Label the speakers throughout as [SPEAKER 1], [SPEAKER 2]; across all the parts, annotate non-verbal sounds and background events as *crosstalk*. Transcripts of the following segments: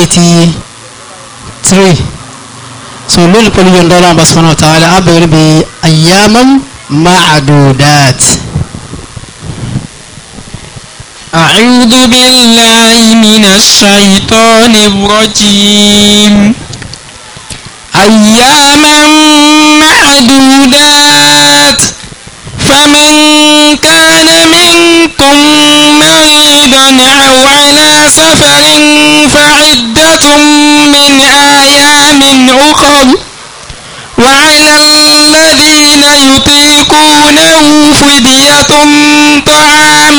[SPEAKER 1] eighty three so lónìí pẹ̀lú yọ̀ǹda ọlọ́run bá sọ́nà ta'ala
[SPEAKER 2] á bẹ̀rẹ̀ bí ayyaman ma'adudat. أعوذ بالله من الشيطان
[SPEAKER 3] الرجيم أياما معدودات فمن كان منكم مريضا أو على سفر فعدة من أيام أخر وعلى الذين يطيقونه فدية طعام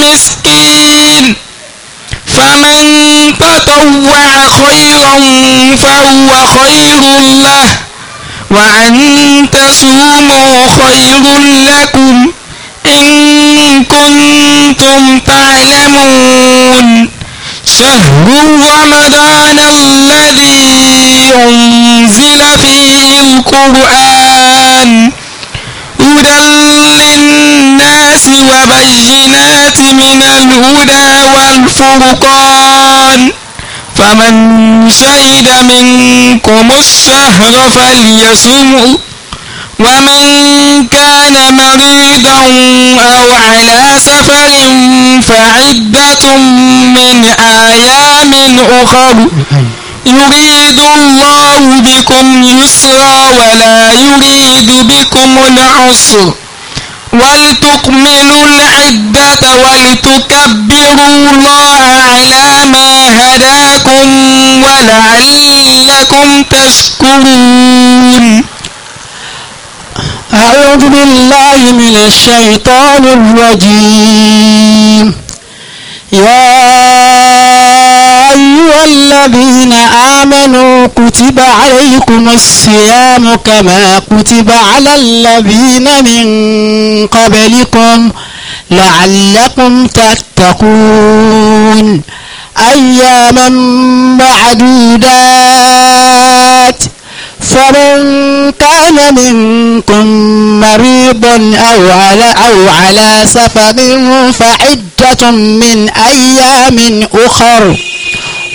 [SPEAKER 3] مسكين فمن تطوع خيرا فهو خير له وأن تصوموا خير لكم إن كنتم تعلمون شهر رمضان الذي أنزل فيه القرآن هدى للناس وبينات من الهدى والفرقان فمن شهد منكم الشهر فليسم ومن كان مريضا أو على سفر فعدة من أيام أخر يريد الله بكم يسرا ولا يريد بكم العسر ولتكملوا العدة ولتكبروا الله على ما هداكم ولعلكم تشكرون
[SPEAKER 2] أعوذ بالله من الشيطان الرجيم يا أيها الذين آمنوا كتب عليكم الصيام كما كتب على الذين من قبلكم لعلكم تتقون أياما معدودات فمن كان منكم مريضا أو على, أو على سفر فعدة من أيام أخر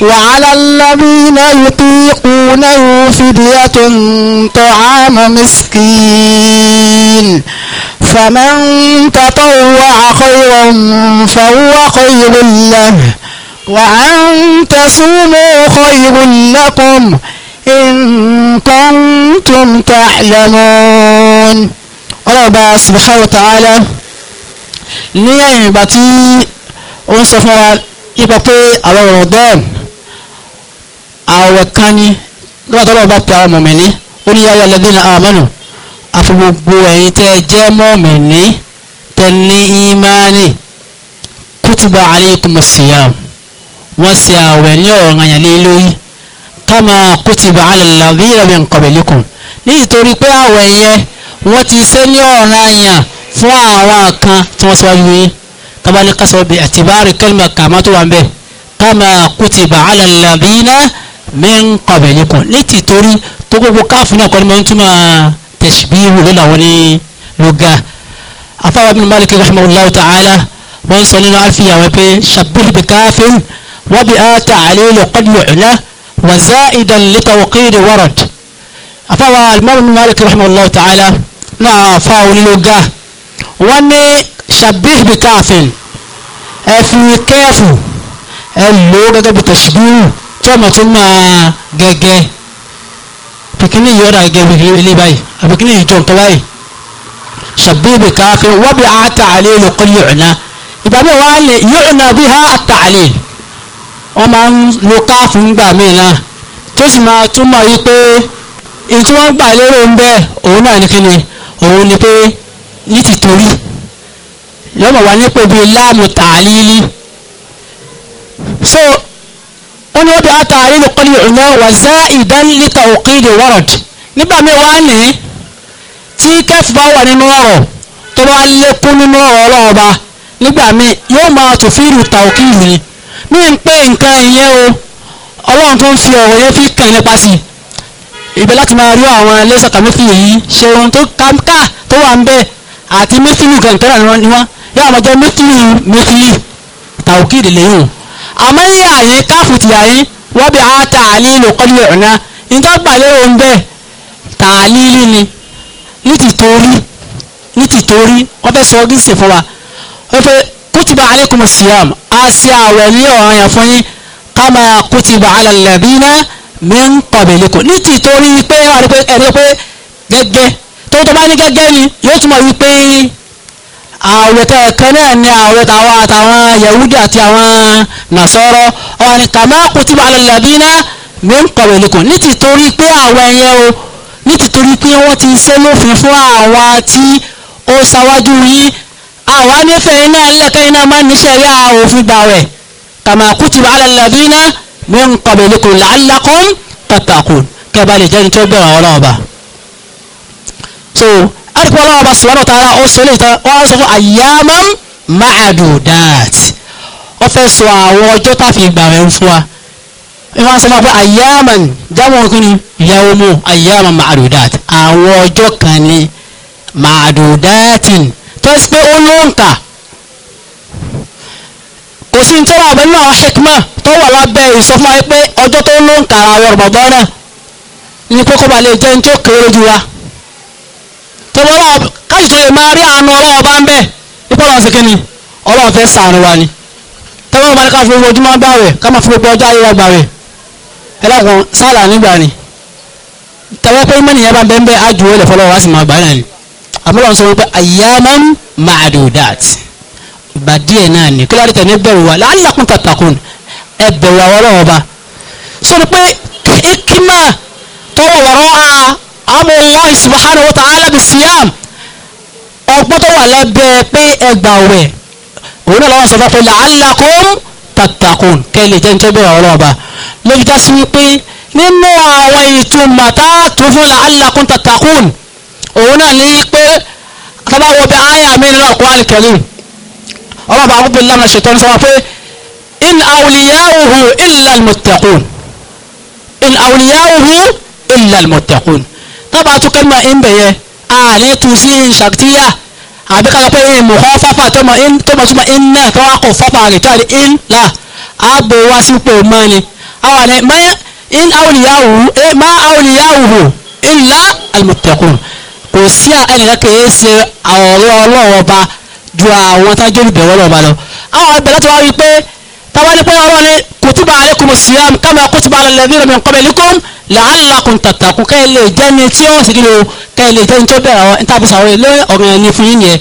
[SPEAKER 2] وعلى الذين يطيقونه فدية طعام مسكين فمن تطوع خيرا فهو خير له وأن تصوموا خير لكم in kuntum ta'lamun ọlọ́ọ̀bá subhanahu wa ta'ala ní ẹ̀yìn ìgbà tí ó ń sọ fún wa nípa pé àwọn ọ̀rọ̀ dẹ́ẹ̀
[SPEAKER 1] àwẹ̀ kan ni lọ́wọ́ tó lọ́wọ́ bá pe àwọn mọ̀mìnì ó ní yáyà lẹ́dínà àmọ́nù àfi gbogbo ẹ̀yin tẹ́ jẹ́ mọ̀mìnì tẹ́ ní ìmánì kútùbà alaykumus siyam wọ́n ṣe àwẹ̀ ní ọ̀ràn yẹn كما كتب على الذين من قبلكم نيتوري بي اوي ين وان تي سني اورا يان فوا وا كان تو سوا جوي كما باعتبار كلمه كما تو امبي كما كتب على الذين من قبلكم نيتوري تو بو كاف نا كون مون تي ما تشبيه لنا وني لغا افا ابن مالك رحمه الله تعالى وان صلى الله عليه وسلم شبه بكاف وبآت عليه قد معناه وزائدا لتوقير ورد أفوى المام مالك رحمه الله تعالى نا فاو للغة واني شبيه بكافل افي كافو اللغة بتشبيه ثم ثم جج فكني يرى جبه اللي باي فكني يجون تلاي شبيه بكافل وبعات عليه لقل يعنى يبقى هو يعنى بها التعليل wọ́n máa ń lo káàfù ńgbà míì náà tó sì máa túmọ̀ yí pé èyí tí wọ́n gbà lérò ń bẹ́ẹ̀ òun náà ní kíni òun ni pé ní tìtorí yọmọ wà nípò bíi láàmù tààlílì so wọ́n ní ó bí àtàlílì kọ́lì ọ̀nà wà zá ìdánilítà òkèèdè wọ́rọ̀d nígbà míì wá ní tí kẹ́fù bá wà nínú ọ̀rọ̀ tó bá lékún nínú ọ̀rọ̀ ọlọ́ọ̀ba nígbà míì yóò máa tòfin ìlú tàòkì ìlú ni mi n pé nǹkan ìyẹn o ọlọ́run tó ń fi ọ̀rọ̀ yẹn fi kàn nípa sí ibẹ̀ láti máa rí àwọn ẹlẹ́sà kàmífìlì yìí ṣe ohun tó kámká tó wà ń bẹ àti mẹ́tìlì kẹ̀ǹtẹ́rà ni wọ́n yóò máa jẹ́ mẹ́tìlì mẹ́tìlì tàwùkìdì lẹ́yìn àmọ́ yìí àyè káfùtì àyè wọ́n bí a tààlílù kọ́lé ọ̀nà ìtọ́gbà lérò ń bẹ tààlílù ni ní tìtorí ní tìtorí wọ́n fẹ́ sọ ọ́ gíṣẹ́ fún wa wọ́n fẹ́ kutiba aleikum siyam a si àwẹ̀ ní ọ̀ràn yẹn fún yín kama kutiba ala ladina min qablikum ní ti torí pé ẹ̀rí pé gẹ́gẹ́ tó tó bá ní gẹ́gẹ́ ni yóò túmọ̀ wípé àwẹ̀ kẹ̀kẹ́ náà ni àwẹ̀ tàwọn àtàwọn yahudi àti àwọn nasọ́rọ́ ọ̀ràn ni kama kutiba ala ladina min qablikum ní ti pé àwẹ̀ yẹn o ní ti pé wọ́n ti ṣe lófin fún àwa tí ó ṣáwájú yín àwa nífẹ̀ẹ́ iná ẹlẹ́tẹ́ iná máa ń ní sẹ́rí òfin gbàwẹ̀ kàmá kutiba ala alladhina min qablikum la'allakum tattaqun kẹba lè jẹ́ ní tó gbẹ̀rọ ọlọ́run ọba so àdìpọ̀ ọlọ́run ọba subhanahu wa ó sọ lè tán wọ́n sọ fún ayyaman ma'adudat ó fẹ́ sọ àwọn ọjọ́ tá fi gbàwẹ̀ ń fún wa ìwọ́n sọ fún ayyaman jáwọ́ ọkùnrin ni yawmu ayyaman ma'adudat àwọn ọjọ́ kan ní ma'adudatin tọ́sí pé ó ló ń kà kò sí tó wà pẹ̀lú àwọn hikma tó wà lábẹ́ ìsọfún wa pé ọjọ́ tó ló ń kà àwọn ọ̀rọ̀bọ̀bọ̀ náà ní kókó ba lè jẹ́ ní tó kéré jù wa tó bọ́ káyì tó lè máa rí àánú ọlọ́wọ́ bá ń bẹ̀ ipò ọlọ́wọ́ sí kíni ọlọ́wọ́ fẹ́ sàánú wa ni tọ́wọ́ bá ní ká fi gbogbo ojúmọ́ gbà wẹ̀ ká máa fi gbogbo ọjọ́ ayé wa gbà wẹ̀ ẹ lákun sálà nígbà ni tọ́wọ́ pé mẹ́nìyàn bá bẹ́ẹ̀ bẹ́ẹ̀ á ju ó lè sì máa gbà náà ni àmọ́ wọn sọ wípé ayyaman ma'dudat ìgbà díẹ̀ náà ni kí lóde tẹ̀lé bẹ̀rù wa la'allakum tattaqun ẹ bẹ̀rù àwọn ọlọ́wọ́ bá sọ ni pé ikima tọwọ́ wọ̀rọ̀ a amrullahi subhanahu wa ta'ala bisiyam ọgbọ́n tó wà lábẹ́ pé ẹgbà wẹ̀ òun náà lọ́wọ́ sọ fún pé la'allakum tattaqun kẹ́lẹ̀ jẹ́ nítorí bẹ̀rù ọlọ́wọ́ bá lójú dá sí wípé nínú àwọn ìtumọ̀ tá a tún fún la'allakum tattaqun òun náà ní pé tọ́ba wo bí aya mi nínú Al-Qur'an Karim ọba bá gbogbo ńlá ṣètò ní sọ pé in awliya'uhu illa al-muttaqun in awliya'uhu illa al-muttaqun tọ́ba tún kẹ́lí máa ń bẹ̀yẹ àní tu sí ṣàkíyà àbí ká lọ pé in mọ̀kọ́ fáfà tọ́mọ in tọ́mọ túmọ̀ in náà káwá kò fáfà rẹ̀ tọ́ni in là ààbò wá sípò mọ́ni àwọn ni in awliya'uhu eh, ma illa al kò sí ẹnìkan kìí ṣe ọ̀rọ̀ ọlọ́wọ́ ọba ju àwọn tájú olùbẹ̀wọ̀ ọlọ́wọ́ ọba lọ àwọn ọbẹ̀ láti wá wí pé táwa ní pé ọ̀rọ̀ ni kùtùbà alaykum siyam kama kùtùbà alladhina min qablikum la'allakum tattaqun kẹ́ ẹ lè jẹ́ ni tí ó sì kílò kẹ́ ẹ lè jẹ́ ni tó bẹ̀rẹ̀ àwọn ìtàbùsà àwọn ilé ọ̀rọ̀ ẹni fún yín kẹ́ ẹ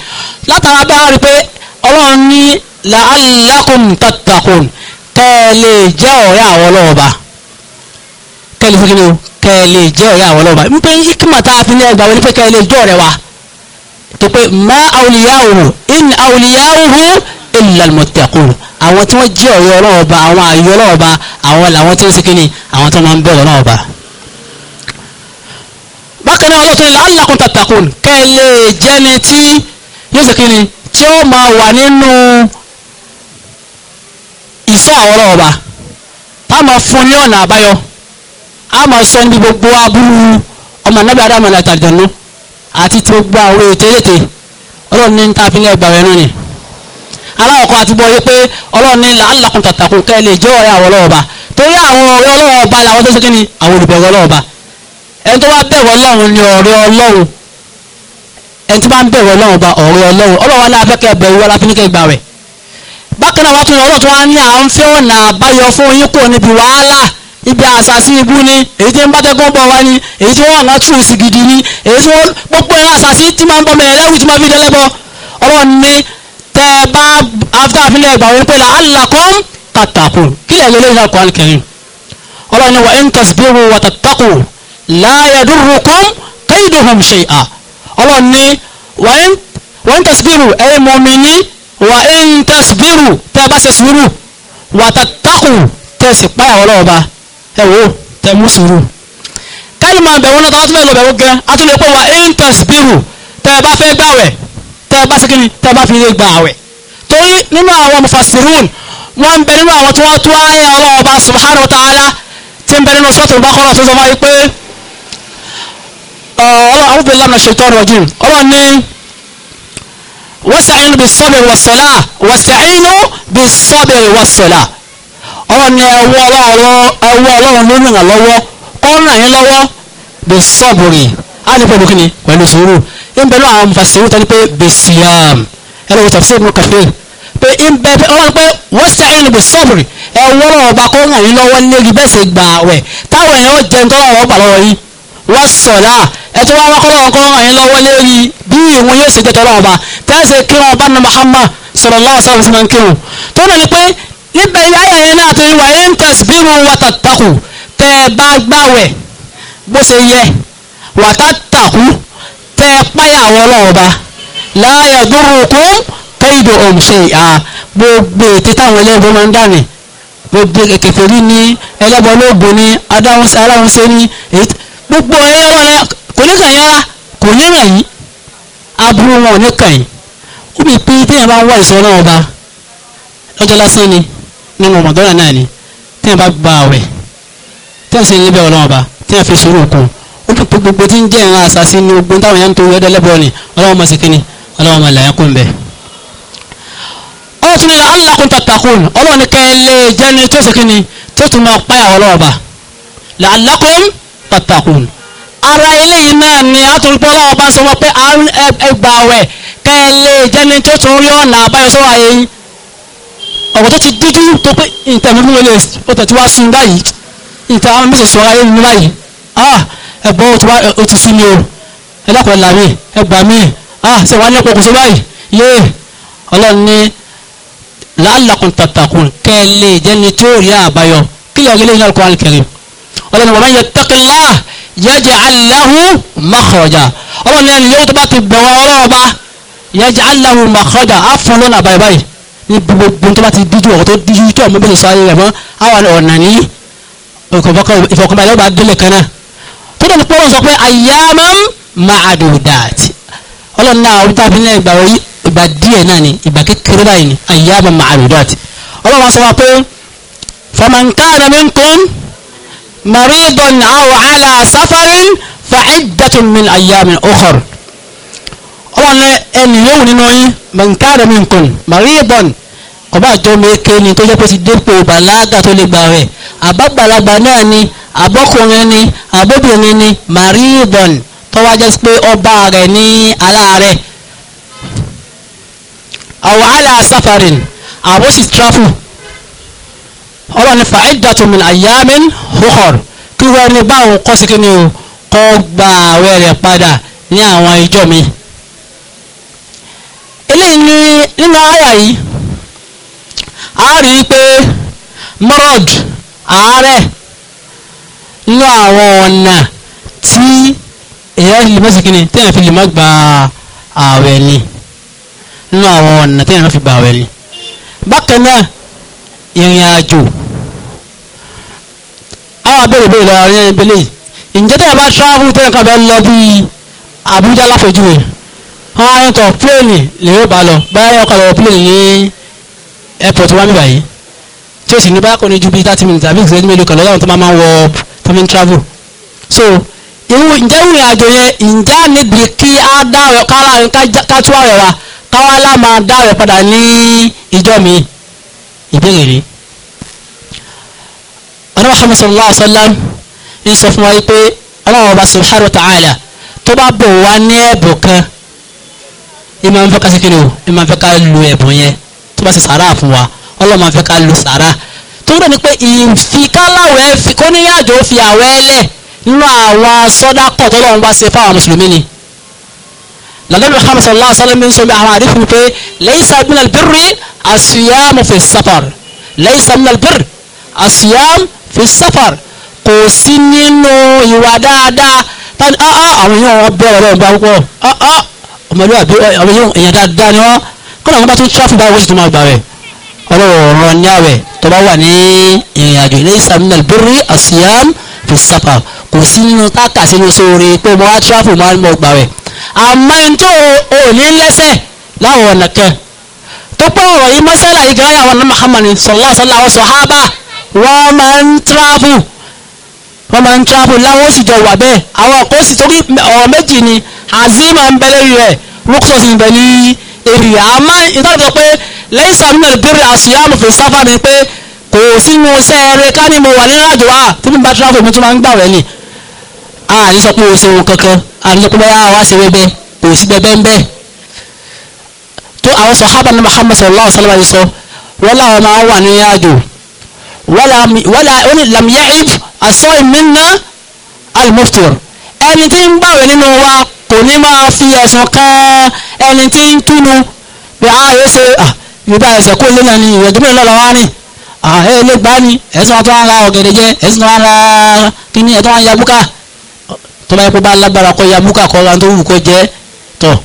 [SPEAKER 1] lè jẹ́ ọ̀rẹ́ àwọn ọlọ́wọ́ ọba kẹ́ ẹ lè sí kẹ́ ẹ lè jẹ́ ọ̀rẹ́ àwọn ọlọ́ba wípé ikima tá a fi ní ẹgbàá wípé kẹ́ ẹ lè jẹ́ ọ̀rẹ́ wa tó pé má awliya'uhu in awliya'uhu illa al-muttaqun àwọn tí wọ́n jẹ́ ọ̀rẹ́ ọlọ́ọ̀ba àwọn àyè ọlọ́ọ̀ba àwọn làwọn tí ó sì kíni àwọn tó máa ń bẹ̀rẹ̀ ọlọ́ọ̀ba. bákan náà ọlọ́tún ni la'allakum tattaqun kẹ́ ẹ lè jẹ́ni tí yóò sì kíni tí ó máa wà nínú ìṣọ́ àwọn ọlọ́ọ̀ba táwọn fún ní ọ̀nà àbáyọ. a máa sọ níbi gbogbo aburú ọmọ anábì adamu àtàlìjànú àti ti gbogbo àwọn ètò ètè ọlọ́run ní ta fílẹ̀ ni aláwọ̀kọ́ àti bọ́ yé pé ọlọ́run ní làálàkùn tàtàkùn kẹ́ lè jẹ́ ọ̀rẹ́ àwọn ọlọ́ọ̀ba torí àwọn ọ̀rẹ́ ọlọ́ọ̀ba làwọn tó ṣe kíni àwọn ọlọ́ọ̀ba ni ọ̀rẹ́ ọlọ́run ẹni tó bá ń ọlọ́run ọ̀rẹ́ ọlọ́run ọlọ́run bẹ̀rù bákan ibi àṣàṣì ibú ni èyí tí ń bátẹ́gùn bọ̀ wá ni èyí tí wọ́n wà látúrùsì gidi ni èyí tí wọ́n gbogbo ẹ̀rọ àṣàṣì tí máa ń bọ́ mẹ́rin lẹ́rù tí máa fi dẹ́lẹ́bọ ọlọ́run ní tẹ́ ẹ bá after àfilẹ̀ ẹgbà wọn pé la'allakum tattaqun kí lè lélẹ́yìn náà Qur'an Karim ọlọ́run ní wa in tasbiru wa tattaqu la yadurrukum kayduhum shay'a ọlọ́run ní wa in tasbiru ẹ̀ mọ̀mìnì wa in tasbiru tẹ́ ẹ bá ṣe sùúrù wa tattaqu tẹ́ ẹ sì páyà ọlọ́ọ̀ba ẹ wo tẹ mú sùúrù kẹ́lí máa bẹ̀wọ́n náà tó bá tún fẹ́ lọ bẹ̀wọ́n gan a tún lè pé wa intasbiru tẹ́ ẹ bá fẹ́ gbàwẹ̀ tẹ́ ẹ bá sí kíni tẹ́ ẹ bá fi lè gbàwẹ̀ torí nínú àwọn mufassirun wọ́n ń bẹ nínú àwọn tí wọ́n tó ayé ọlọ́wọ́ bá subhanahu wa ta'ala tí ń bẹ nínú sọ́tù bákọ́rọ̀ tó sọ fún wa pé أعوذ بالله من الشيطان الرجيم أرني واستعينوا بالصبر والصلاة واستعينوا بالصبر والصلاة ọlọ́ni ẹwọ́ ọlọ́run ẹwọ́ ọlọ́run ló ràn án lọ́wọ́ ó ràn yín lọ́wọ́ bí sọ́ọ̀bùrì á ní pẹ̀lú kíni pẹ̀lú sùúrù ń bẹ lọ́wọ́ àwọn mufasiru tani pé bí siyam ẹlẹ́ wọ́n tafsir ibn Kathir pé ń bẹ ọlọ́run pé wasta'inu bí sọ́ọ̀bùrì ẹwọ́ ọlọ́run ọba kó ràn yín lọ́wọ́ lérí bẹ́ẹ̀ ṣe gbà wẹ̀ táwọn èèyàn jẹ nǹkan ọ̀rọ̀ gbà lọ́wọ́ yín wọ́n sọ̀lá ẹ tó wá wá kọ́lọ́wọ́ kọ́ ràn yín lọ́wọ́ lérí bí ìwọ̀n yóò ṣe jẹ́ tọ́lọ́wọ́ ọba tẹ́sẹ̀ kí wọn nà Muhammad sallallahu alaihi wasallam kírun tó náà ni pé níbẹ̀ ìyáyà yẹn náà tó wà in tasbiru wàtàtàkù tẹ́ ẹ bá gbàwẹ̀ bó ṣe yẹ wàtàtàkù tẹ́ ẹ páyà àwọn ọlọ́wọ́ bá la yadurukum kaiduhum shay'a gbogbo ètè táwọn ẹlẹ́gbẹ́ máa ń dà ní gbogbo kẹfẹ́rí ní ẹlẹ́bọ lóògùn ní aláwọ̀nsẹ́ ni gbogbo ẹ̀yẹ wọn kò ní kàn yára kò ní ràn yín aburú wọn ò ní kàn yín ó bí pín téèyàn bá ń wá ìsọ náà ọba lọ́jọ́ lásán ni nínú mọ̀dọ́là náà ni tẹ́yìn bá gba àwẹ̀ tẹ́yìn sì ń níbẹ̀ ọlọ́run ọba tẹ́yìn fi sùúrù kún ó dùn pé gbogbo tí ń jẹ́ ìran àṣàṣì ní ogun táwọn yẹn ń torí ọdẹ lẹ́bọ̀ ni ọlọ́run mọ̀ sí kínní ọlọ́run mọ̀ làyẹn kún bẹ́ẹ̀. ọ̀rọ̀ tún ní la alákùn tàtàkùn ọlọ́run ní kẹ́ lè e jẹ́ ní tó sì kínní tó tún máa páyà ọlọ́run ọba la alákùn tàtàkùn ara eléyìí náà ni àtúntò ọlọ́run ọba sọ wọ́n pé ẹgbàá wẹ̀ kẹ́ lè e jẹ́ ní tó tún rí ọ̀nà àbáyọ sọ́wọ́ yín ọ̀rọ̀ tó ti díjú tó pé nǹkan mímú wọlé ó tẹ̀ tí wá sí báyìí nǹkan àwọn mẹ́sàn sọ̀rọ̀ ayé mi báyìí ah ẹ̀gbọ́n ó ti sí mi o ẹ dákun ẹ̀là mi ẹgbà mi ah ṣe wá ní ọ̀pọ̀ kò sí báyìí yé ọlọ́run ní làálàkùn tàtàkùn kẹ́ jẹ́ ni tí ó rí àbáyọ kí lè rí lẹ́yìn Al-Qur'an al ọlọ́run wa man níbi gbogbo tó bá ti díjú ọ̀rọ̀ tó díjú tó ọmọ bẹ́sẹ̀ sáré rẹ̀ mọ́ àwọn ọ̀nà ní ìfọ̀kànbalẹ̀ ọba délẹ̀ kan náà tó dẹ̀ pé sọ pé ayyaman ma'dudat ọlọ́run náà ọdún tàbí ní ìgbà wọ́n ìgbà díẹ̀ náà ni ìgbà kékeré báyìí ni ayyaman ma'dudat ọlọ́run wá sọ wá pé faman kana minkum maridan aw ala safarin fa'iddatun min ọlọ́ni ẹni yóò nínú yín mẹ̀ǹkáàdà mi nǹkan màríyìnbọn ọba àjọ mẹ́kẹ́ ni tó jẹ́ pé ti dépò bàlágà tó lè gbà rẹ̀ àbágbàlagbà náà ni àbọ́kùnrin ni àbóbìnrin ni màríyìnbọn tó wá jẹ́ pé ọba rẹ̀ ní aláàárẹ̀ àwọn àlà safarin àwọn sì trafu ọlọ́ni fa'iddatun min ayyamin ukhar kí wọ́n ní báwọn kọ́ ni kọ́ gba rẹ̀ padà ní àwọn ìjọ mi eléyìí ní nínú àyà yìí a rí i pé mọ́rọ̀d àárẹ̀ nínú àwọn ọ̀nà tí èèyàn fi lè mọ́sí kí ni téèyàn fi lè má gba ààwẹ̀ ni nínú àwọn ọ̀nà téèyàn fi gba ààwẹ̀ ni bákan náà ìrìn àjò àwọn abẹ́rẹ́ bẹ́ẹ̀ lọ́wọ́ ní ẹni bẹ́lẹ̀ yìí ǹjẹ́ téèyàn bá travel téèyàn kan bẹ́ẹ̀ lọ bí Àbújá láfẹ́jú rẹ̀ àwọn arìntọ̀ pléènì lè yóò bá lọ báyọ̀ ọkọ̀ lọ́wọ́ pléènì ní airport wa níbàyí tí ó sì ní báyà kò ní ju bíi thirty minutes àbí ìṣẹ́jú mélòó kan lọ́wọ́ àwọn tó máa ń wọ tó fi ń travel so ìwọ ǹjẹ́ ìrìn àjò yẹn ǹjẹ́ níbi kí á dá ọ̀rọ̀ kára rìn ká tú ọ̀rọ̀ wa káwá lá máa dá ọ̀rọ̀ padà ní ìjọ mi ìbéèrè rèé ọ̀nà Muhammad sallallahu alaihi wa sallam ń sọ fún wa pé ọlọ́run ọba subhanahu wa ta'ala tó bá bò wá ní ẹ̀bùn kan ẹ máa ń fẹ́ ká ṣe kí ni o ẹ máa ń fẹ́ ká lo ẹ̀bùn yẹn tó bá ṣe sàrà fún wa ọlọ́run máa ń fẹ́ ká lo sàrà tó rẹ̀ ni pé ìfikáláwẹ̀ fi fi àwẹ̀ lẹ̀ nínú àwọn sọ́dákọ̀ tó lọ́run bá ṣe fáwọn mùsùlùmí ni lànàbí muhammad sallallahu alayhi wa ń sọ bí àwọn àdéhùn pé laysa minal birri asiyamu fi safar laysa minal birri asiyamu fi safar kò sí nínú ìwà dáadáa tani ah ah àwọn èèyàn ọbẹ̀ ọ̀rọ̀ ìgbà púpọ̀ ọmọlúwàbí èèyàn dáadáa ni wọ́n kọ́nà wọn bá tún tíráfù bá wọ́n sì tún máa gbà rẹ̀ ọlọ́rọ̀ ní àwẹ̀ tó bá wà ní ìrìn àjò ilé ìsàmìnà bírí àṣìyàm fi sàfà kò sí nínú táàkà sínú sóore pé mo wá tíráfù máa ń mọ gbà rẹ̀ àmọ́ ẹni tó o ní lẹ́sẹ̀ láwọn ọ̀nà kan tó pọ̀ ọ̀rọ̀ yìí mọ́sálà yìí gan-an àwọn ọ̀nà Muhammad sallallahu alaihi wasallam sahaba wọ́n máa ń travel láwọn ó sì jọ wà bẹ́ẹ̀ àwọn kò sì torí ọ̀rọ̀ méjì ni azima ń bẹ lórí rẹ̀ rúkúsọ̀ sì ń bẹ ní èrì àmọ́ ìtọ́jú pé lẹ́yìn sàmúnà bírí àṣìyàmù fi sáfà ni pé kò sínú sẹ́ẹ̀rẹ̀ ká ní mo wà nínú àjò wa tí mo bá travel mi tún máa ń gbà wẹ́lì àní sọ pé o ṣe ohun kankan àní sọ pé báyà wá ṣe bẹ́ẹ̀ kò sí bẹ́ẹ̀ bẹ́ẹ̀ tó àwọn wala oní lamiyá id asọ́ ìmínà almuftir ẹni tí ń gbàwẹ̀ nínú wa kò ní máa fi ẹ̀sùn kan ẹni tí ń túnu pé a yóò ṣe yorùbá ẹ̀sẹ̀ kó lé náà ni ìrẹ̀dúgbò náà lọ́wọ́ wá ní àhẹ́ ilé gbá ni ẹ̀sùn wọn tó ń ra ọ̀gẹ̀dẹ̀ jẹ ẹ̀sùn wọn ra kíní ẹ̀ tó ń ya búkà tó bá yẹ kó bá lágbára kó ya kó ra tó wù kó jẹ tó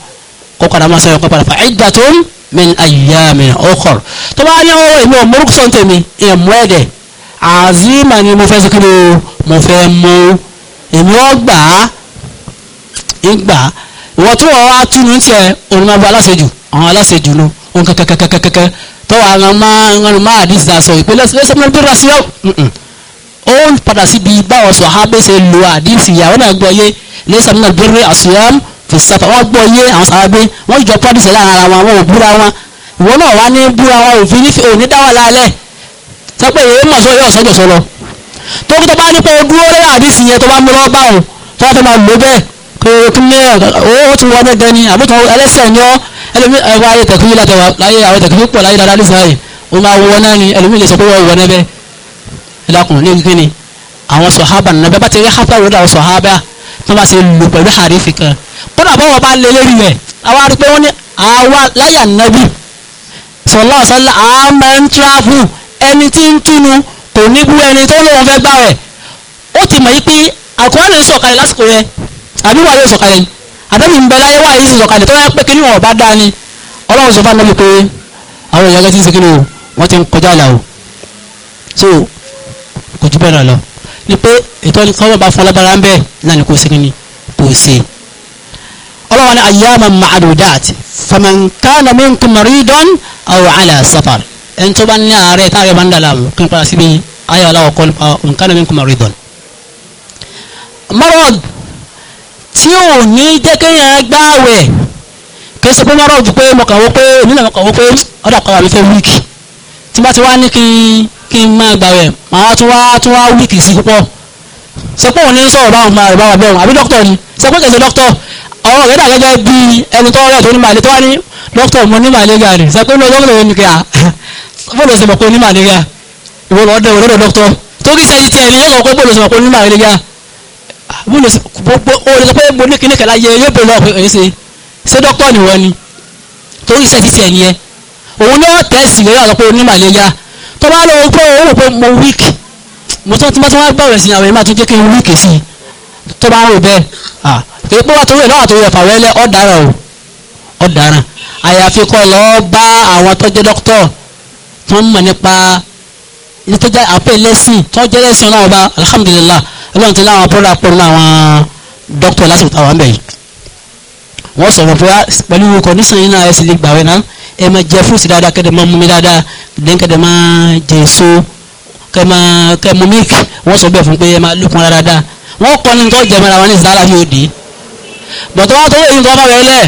[SPEAKER 1] kó padà máa sẹ́yìn kó padà fà iddatun min ayyamin ukhar tó bá yẹ ọ́ ìmọ̀ mọ́rúkú sọ́ntẹ̀mí ìmọ̀ ẹ̀dẹ̀ àzìmà ni mo fẹ́ sọ kí ni o mo fẹ́ mú èmi ọ́ gbà á ìgbà ìwọ tó wọ́n wá túnú tiẹ̀ onímọ̀bọ aláṣejù àwọn aláṣejù nu òun kẹkẹkẹkẹkẹ tó wà ń máa ń rán máa àdìsí àṣọ ìpínlẹ̀ lẹ́sẹ̀ mi lọ́dún sí ọ́ ó ń padà síbi báwọn sọ̀hábẹ́ ṣe lo àdìsí ìyàwó náà gbọ́ yé lẹ́sẹ̀ mi lọ́dún bẹ́rẹ̀ àṣìyàm fìsàtà wọ́n gbọ́ yé àwọn sọ̀hábẹ́ wọ́n jọ pọ́dísẹ̀ láàrin ara wọn ò búra wọn ìwọ náà wá ní búra wọn òfin nífẹ̀ẹ́ òní dáwà lálẹ́ sọ pé èyí mọ̀ sọ yóò sọ́jọ́ sọ lọ torí tó bá ní pé o dúró lórí yẹn tó bá mú lọ́wọ́ báwọn tó bá fẹ́ máa lò bẹ́ẹ̀ pé kíni owó ti wọlé gan ni àbútọ ẹlẹ́sẹ̀ ni ọ́ ẹlòmí ẹ̀wọ́ ayé tẹ̀kú yìí látọ̀ láyé àwọn tẹ̀kú pọ̀ láyé dáadáa nísìnyá yìí o máa wọ náà ni ẹlòmí lè sọ pé wọ́n wọ náà bẹ́ẹ̀ ẹlẹ́kùn ní kíni àwọn sọ̀hábà nínú bẹ́ẹ̀ bá ti rí hápá lórí àwọn sọ̀hábà tó bá ṣe lò pẹ̀lú àrífi kan kódà báwọn bá lé lérí rẹ̀ àwa rí pé wọ́n ní àwa láyà nàbì sọ̀lá ọ̀sán ẹni tí ń túnu kò ní bú ẹni tó lóun fẹ́ gbà rẹ̀ ó ti mọ̀ yí pé àkùránì sọ̀kalẹ̀ lásìkò yẹn àbí wà yóò sọ̀kalẹ̀ ni àtẹ́mi ń bẹ láyé wà yìí sì sọ̀kalẹ̀ tó yẹ pé kíní wọn ò bá dáa ni ọlọ́run sọ fún mi pé àwọn ìyá gẹ́tí ń sekínú o wọ́n ti ń kọjá àlà o so kò jù bẹ́ẹ̀ náà lọ ni pé ètò ìkọ́wọ́ bá fún ọlọ́bàrà ń bẹ́ẹ̀ náà ni kò sekínú kò se ọlọ́run ni ayyama ma'adudat faman kana minkum maridan aw ala safar ẹni tó bá ní àárẹ̀ táàrẹ̀ bá ń dà láàmú kí n padà síbi ayọ̀ aláwọ̀kọ́ nípa nǹkan mi kò máa rí dọ̀n. marod tí ò ní jẹ́ kéèyàn gbáwẹ̀ kí n sọ pé marod pé mo kàn wọ́n pé nínú àwọn kàn wọ́n pé ọ̀dà padà mi fẹ́ wíìkì tí bá ti wá ní kí kí n máa gbàwẹ̀ màá tún wá tún wá wíìkì sí púpọ̀ sọ pé òun ní sọ̀rọ̀ báwọn máa rẹ̀ báwọn bẹ́ẹ̀ àbí dókítà ni sọ pé kẹsẹ̀ dókítà ọ̀rọ̀ rẹ̀ dàgẹ́gẹ́ bíi ẹni tó rẹ̀ tó ní màlẹ́ tó wá ní dókítà mo ní malaria rẹ̀ sẹ́kọ́ ní ọlọ́run lòun nìkẹ́ à bóòlù ọ̀sẹ̀ mọ̀ pé ní malaria ìwọ lọ dẹ̀ ọ̀dọ̀ dókítà torí sẹ́yìn tiẹ̀ ni yóò mọ̀ pé bóòlù ọ̀sẹ̀ mọ̀ pé ní malaria bóòlù ọ̀sẹ̀ pé mo ní kíní kẹlá yẹ yóò bẹ̀rẹ̀ lọ́wọ́ pé ẹ̀yìn ṣe ṣé dókítà ni wọ́n ni torí sẹ́yìn tiẹ̀ ni ẹ òun náà tẹ̀sí rẹ̀ yóò sọ pé ní malaria tó bá lọ pé òun rò pé mo weak mo tún ti máa tún wá gbàwẹ̀ sí àwọn ẹ̀ máa tún jẹ́ kí n weak sí tó bá ń rò bẹ́ẹ̀ kí n pé wà torí ẹ̀ náà wà torí ẹ̀ fàwẹ́lẹ́ ọ̀daràn o ọ̀daràn àyàfi kọ́ lọ́ọ́ bá àwọn tó jẹ́ dókítọ̀ tó ń mọ̀ nípa ìtọ́jà àpò ẹlẹ́sìn tó jẹ́ ẹlẹ́sìn ọlọ́wọ́ bá alhamdulillah ẹgbẹ́ wọn ti láwọn bọ́dà pọ̀ nínú àwọn dókítọ̀ lásìkò táwọn ń bẹ̀ yìí wọ́n sọ̀rọ̀ pé ah, pẹ̀lú condition yìí náà ẹ sì lè gbàwé náà ẹ máa jẹ fúrúùtì dáadáa kẹ́dẹ̀ máa mumi dáadáa dẹ́n kẹ́dẹ̀ máa jẹ èso kẹ́ máa kẹ́ mu milk wọ́n sọ bẹ́ẹ̀ fún pé ẹ máa lùkùn dáadáa wọ́n kọ́ ní nǹkan jẹ̀mẹ́ra wọn ní ìsìlára yóò dé bọ̀tọ́ wọn tó yẹ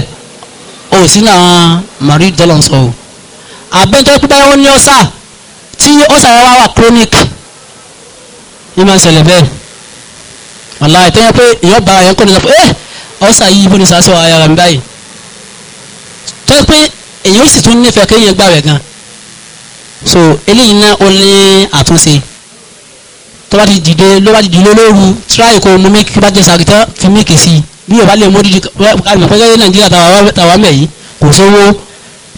[SPEAKER 1] o sí náà marie dolan sọ o àbẹ́ntẹ́ pípẹ́ ó ní ọ́sà tí ọ́sà yẹn wá wà chronic ní máa ń ṣẹlẹ̀ bẹ́ẹ̀ wàlá ìtẹ́yẹ pé èèyàn bá yẹn kó ní lọ́pọ̀ eh, ẹ́ ọ́sà yìí ibo ni sàásọ ayára mi báyìí tó yẹ pé èèyàn ó sì tún nífẹ̀ẹ́ kéèyàn gbà rẹ̀ gan so eléyìí náà ó ní àtúnṣe tó bá ti dìde ló bá ti dìde lóru tíráì kó mú mí kí bá jẹ sàgìtàn fi mí kì sí i bí yorùbá lè mórí di àgbẹ̀fẹ́gẹ́ nàìjíríà tàwa mẹ́ kò sówó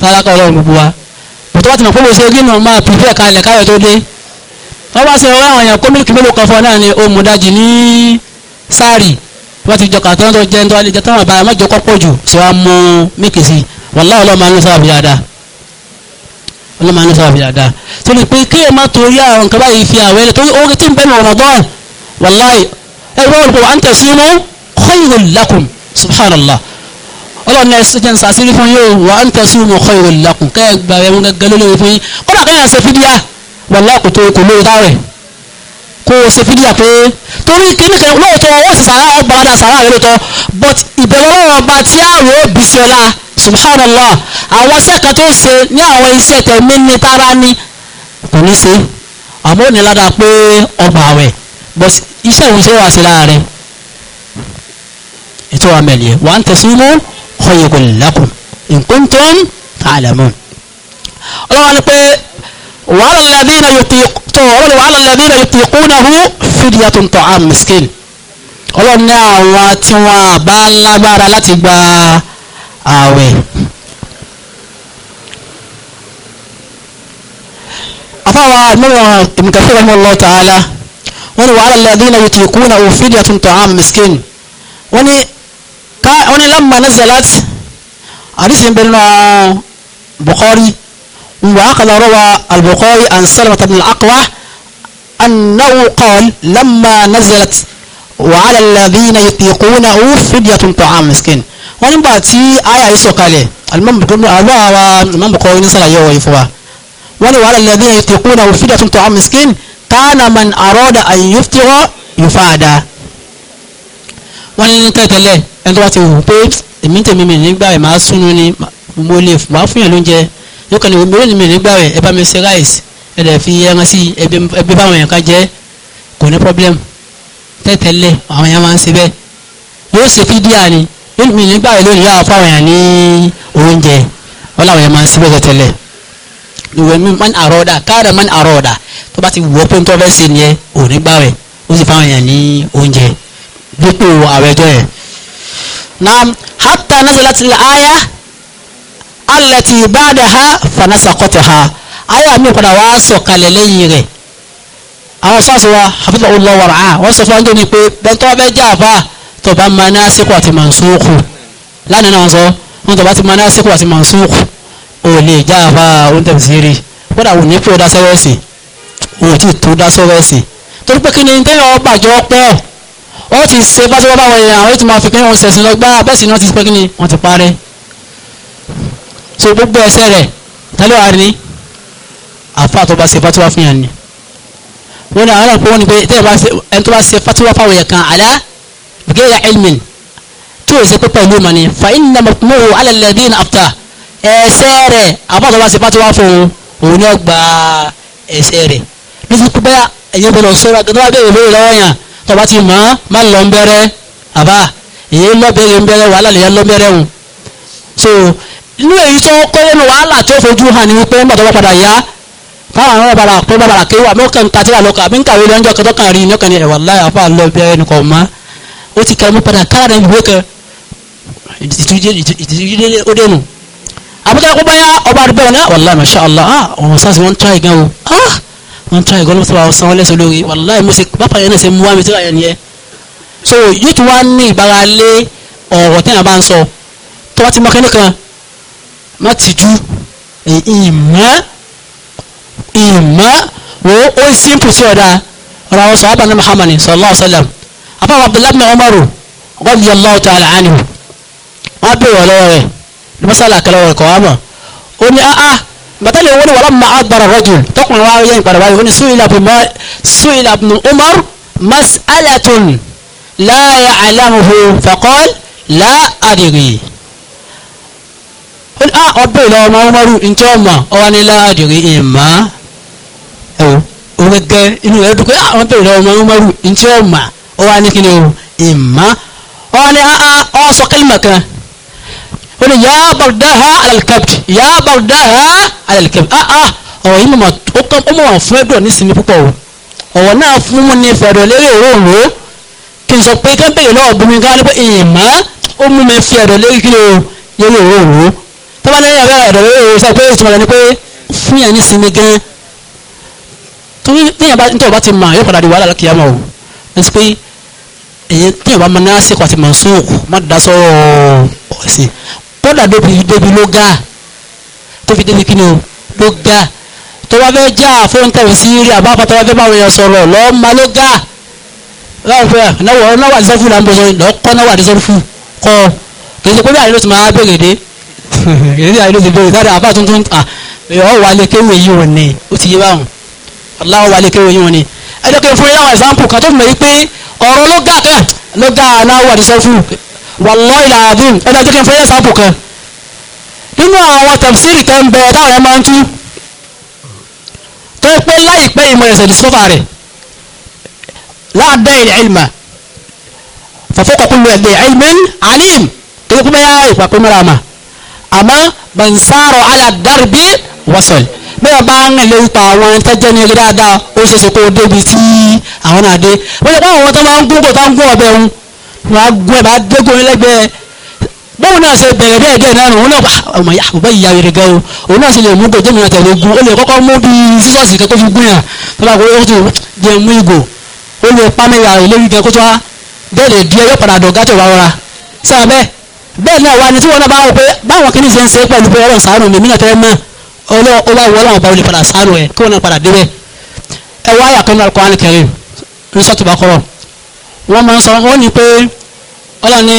[SPEAKER 1] tálákà ọlọ́run gbogbo wa kò tó bá ti mọ̀ pé mo ṣe kí nù máa pèpè ẹ̀ka ilẹ̀ káyọ̀ tó dé wọ́n bá ṣe ọ̀rọ̀ àwọn èèyàn kó mílíkì mélòó kan fún náà ni o mú dájì ní sáàrì wọ́n ti jọ kàtọ́ tó jẹ́ ń tó alẹ́ jẹ́ táwọn àbáyọ mọ́jọ kọ́pọ̀ jù ṣe wá mú mílíkì sí wàláhì ọlọ́run máa ń sábà fi dáadáa ọlọ́run khayrun lakum subhanallah ọlọ́run ẹ̀sìn jẹ́ nsàsírí fún yóò wà á ń tasumu khayrun lakum kẹ́ ẹ gbà ẹ̀mú gẹ́gẹ́ lólórí fún yín kọ́dà kẹ́yìn ẹ̀sẹ̀ fídíà wàlá kò tó kò lórí káwẹ̀ kó ṣe fídíà pé torí kíní kan lóòótọ́ ọwọ́ sì sàrà ọgbàládà sàrà lóòótọ́ but ìbẹ̀rù ọlọ́run ọba tí àrò òbí sí ọlá subhanallah àwọn sẹ́ka tó ṣe ní àwọn iṣẹ́ tẹ̀mí ní tara ní kò ní ṣe àmọ́ ò ládàá pé ọgbà àwẹ̀ but iṣẹ́ òun ṣe wà sí lára ètò àmẹ́lì yẹn wa an tasimu khayrun lakum in kuntum ta'lamun. ọlọ́wọ́ ni pé wa 'ala alladhina yutiqunahu fidyatun ta'am miskin ọlọ́run ní àwọn tí wọ́n bá lágbára láti gba ààwẹ̀. àfáwọn àmọ́wọ̀n ìmùkàfẹ́ ọmọ Allah ta'ala wọ́n ní wa 'ala alladhina yutiqunahu fidyatun ta'am miskin wọ́n ní ká wọn ni lamma nazalat hadith ń bẹ̀rẹ̀ náà bukhari wa akala rawa al-bukhari an salamata bin al-aqwa annahu qala lamma nazalat wa ala alladhina yutiqunahu fidyatun ta'am miskin wọn nígbà tí aya yìí sọ̀kalẹ̀ alimam bukhari ní sàlàyé wọ̀nyí fún wa wọn ni wa ala alladhina yutiqunahu fidyatun ta'am miskin kana man arada an yuftira yufada wọn ní tẹ́tẹ́lẹ̀ ẹni tó bá ti wù pé èmi tèmi mi nígbà rẹ̀ máa súnú ni mo lè wá fún yàn lóúnjẹ yóò kàn ní omi lónìí mi nígbà rẹ̀ ẹ bá mi ṣe ráìsì ẹ dẹ̀ fi ẹran sí ẹbí báwọn èèyàn ká jẹ kò ní problem tẹ́tẹ́lẹ̀ àwọn èèyàn máa ń ṣe bẹ́ẹ̀ yóò ṣe fídíà ni mi nígbà rẹ̀ lónìí yàrá fáwọn èèyàn ní oúnjẹ wọn làwọn èèyàn máa ń ṣe bẹ́ẹ̀ tẹ́tẹ́lẹ̀ ìwé mi man àrọ́ọ̀dà káàdà man àrọ́ọ̀dà tó bá ti wọ́ pé ń tọ́ ṣe nìyẹn ò ní gbà ó sì fáwọn èèyàn ní oúnjẹ dípò àwẹ̀jọ́ yẹn naam حتى نزلت الآية التي allati ba'daha fanasaqataha من mi padà wá sọ̀kalẹ̀ lẹ́yìn rẹ̀ àwọn sọ́ọ̀sì wa hafidhahullah wa ra'a wọ́n sọ fún wa ní pé bẹ́ntọ́ bẹ́ jẹ́ àbá tó bá manasiku àti mansuku lánàá náà sọ wọn tó bá ti manasiku àti mansuku ò lè jẹ́ àbá òun tafsiri kódà òun ní pé ó dá sẹ́wẹ́sì òun ò tí ì tó dá sẹ́wẹ́sì torí pé kí ni tẹ́yọ̀ ọ́ bàjọ́ pọ̀ ó ti ṣe pásítọ̀ báwọn èèyàn àwọn ètò máa fi pé wọn ṣẹ̀sìn lọ gbá bẹ́ẹ̀ sì ni wọ́n ti pé kí ni wọ́n ti parẹ́ so gbogbo ẹsẹ̀ rẹ̀ tálẹ́ wàá ní àfa tó bá ṣe fatuwa fún yàn ni wọ́n ní àwọn náà pé wọ́n ní pé tẹ́lẹ̀ bá ṣe ẹni tó bá ṣe fatuwa fáwọn èèyàn kan àlá gẹ́gẹ́ yà ilmin tí o ṣe pé pẹ̀lú mọ̀ ni fa inna mọ̀kúmọ̀wò alẹ́lẹ́dín àfta ẹsẹ̀ rẹ̀ àfa tó bá ṣe fatuwa fún òun ní ọgbà ẹsẹ̀ rẹ̀ lọ́sọ̀kú bẹ́ẹ̀ ẹ̀yẹ́ bẹ̀rẹ̀ sọ́ra gẹ́gẹ́ bá tọba ti mọ̀ má lọ ń bẹ̀rẹ̀ èyí lọ́bẹ̀rẹ̀ ń wàhálà lè yẹ lọ́bẹ̀rẹ̀ so inú èyí tó kọ́ nínú wàhálà tó fojú hàn ní wípé nígbà tó bá padà yá báwọn àwọn bàbá àpò bàbá àké wà mọ́kàn kàtíra lọ́kà àbí nkàwé lọ́njọ́ kan tọ́kàn rí nìkan ni ẹ̀wà láyà àfa lọ́bẹ̀rẹ̀ nìkan mọ́ ó ti kẹ́mi padà káàdà ìwé kan ìtìjúdé ó àbúkẹ́ kó báyà ọba àdúgbò náà wàlláhi masha ah, ọ̀hún sáà sì wọ́n ń tọ́ àìgán o ah! wọ́n try gan lọ́sọ̀rọ̀ àwọn sanwó lẹ́sọ̀ lórí wàláì mo ṣe bàbá yẹn náà ṣe mú wá mi tíra yẹn nìyẹn so yóò tún wá ní ìbára lé ọ̀rọ̀ tí yàrá bá ń sọ tó bá ti mọ kẹ́lẹ́ kan má ti ju ìmọ̀ ìmọ̀ wo ó ń simple sí ọ̀dà ọ̀rọ̀ àwọn sọ̀rọ̀ abànú muhammad sallallahu alayhi wa sallam abáwọ̀ abdullahi bin umaru radiyallahu ta'ala anhu wọ́n á bèèrè rẹ̀ ní masala kẹlẹ́wọ̀ rẹ̀ kọ́ wá mọ̀ ó ní áá ah, ah, bàtàlẹ̀ wọn ni wàlá ma agbára rọ́jù tọkùnrin wa yẹn ìpàdé báyìí wọn ni suwila bin ma suwila bin umar mas'alatun la ya'lamuhu faqal la adiri a ah, ọbẹ̀ ìlọ ọmọ umaru njẹ́ ọmọ ọwọ́ ni la adiri ìmá ẹ̀wọ̀ ògẹ́gẹ́ inú rẹ̀ dùkú a ah, ọbẹ̀ ìlọ ọmọ umaru njẹ́ ọmọ ọwọ́ ni kí ni o ìmá ọwọ́ ni a ah, ọ sọ kẹ́lìmọ̀ kan ó ní yàá bàdáhà alàlìkàbì yàá bàdáhà alàlìkàbì ah ah ọ̀rọ̀ yìí mọ̀ ó mọ̀ wọ́n fún ẹ̀dùn nísìnyí púpọ̀ o ọ̀rọ̀ náà fún mu ní fẹ̀rẹ̀ lérè òòrò kí n sọ pé kẹ́ńpẹ̀lẹ̀ lọ́wọ́ bumi ká ló pé ìyìnmá ó mú mi fẹ̀rẹ̀ lérè kí ló lérè òòrò tó bá lẹ́yìn ọ̀rẹ́ ẹ̀rọ lérè òòrò sọ pé ìtumọ̀ rẹ̀ ni pé fún yẹn nísìnyí gan torí téèyàn bá nítorí ọba ti mà yóò padà di wàhálà kìyàmọ̀ o ẹsẹ pé èyí téèyàn bá mọ náà sèkò kódà débi débi ló ga tó fi débi kíni o ló ga tó wá fẹ́ já àfóńtẹ̀wé sí rí àbáfà tó wá fẹ́ báwọn èèyàn sọ̀rọ̀ lọ́ọ́ ma ló ga láwọn fẹ́ náwó náwó àdìsọ́fù là ń bọ̀ sọ́yìn lọ́ọ́ kọ́ náwó àdìsọ́fù kọ́ kì í ṣe pé bí àdìsọ́fù máa bèrè dé *laughs* ìrírí àdìsọ́fù ti bèrè dáadáa àbá tuntun à ọ̀ wà lè kéwì yìí wò ni ó ti yé báwọn Allah wà lè kéwì yìí wò ni ẹ jẹ́ kí n fún yín àwọn example kan tó fi mọ̀ yí pé ọ̀rọ̀ ló ga kan ló ga náwó àdìsọ́fù wallahi alazim ẹ̀dá jẹ́ kí n fẹ́ yẹ sáàpù kan nínú àwọn tafsiri kan bẹ táwọn ẹ̀ máa ń tú tó pé láìpẹ́ ìmọ̀ ẹ̀sẹ̀ discover rẹ̀ láàdá ilẹ̀ ilmà fọ́fọ́kọ̀ kún lọ ẹ̀dẹ̀ ilmin alim tó kú bẹ́yà ìpàpẹ́ mẹ́ra mà àmọ́ bẹ̀nsáàrọ̀ aládàrbí wọ́sọ̀l bẹ́ẹ̀ bá ń lè pa àwọn tẹ́jẹ́ ní ẹgbẹ́ dáadáa ó ṣeéṣe kó débi tí àwọn àdé wọ́n ti pa àwọn tó máa ń gún kó tó ń gún ọbẹ̀ òun wọn á gún ẹ bá dégún ẹ lẹ́gbẹ̀ẹ́ bóun náà ṣe bẹ̀rẹ̀ bẹ́ẹ̀ díẹ̀ náà òun náà ah, ọmọ yà àbúgbà yìí ya rere gan o òun náà ṣe lè mú kó jẹ́mi náà tẹ̀lé gun ó lè kọ́kọ́ mú bí sísọ́ọ̀sì kan tó fi gún yàn tó bá kó o tún jẹ mú ìgò ó lè pa mẹ́yà rẹ̀ lórí gan kó tó wá bẹ́ẹ̀ lè di ẹyọ́ padà dọ̀ gátò wá rọra sáà bẹ́ẹ̀ bẹ́ẹ̀ náà wà ní tí wọ́n náà bá wọ pé báwọn kìíní ṣe ń ṣe pẹ̀lú pé ọlọ́run ṣàánú mi mí náà fẹ́ wọ́n máa ń sọ wọ́n ní pé ọlọ́run ní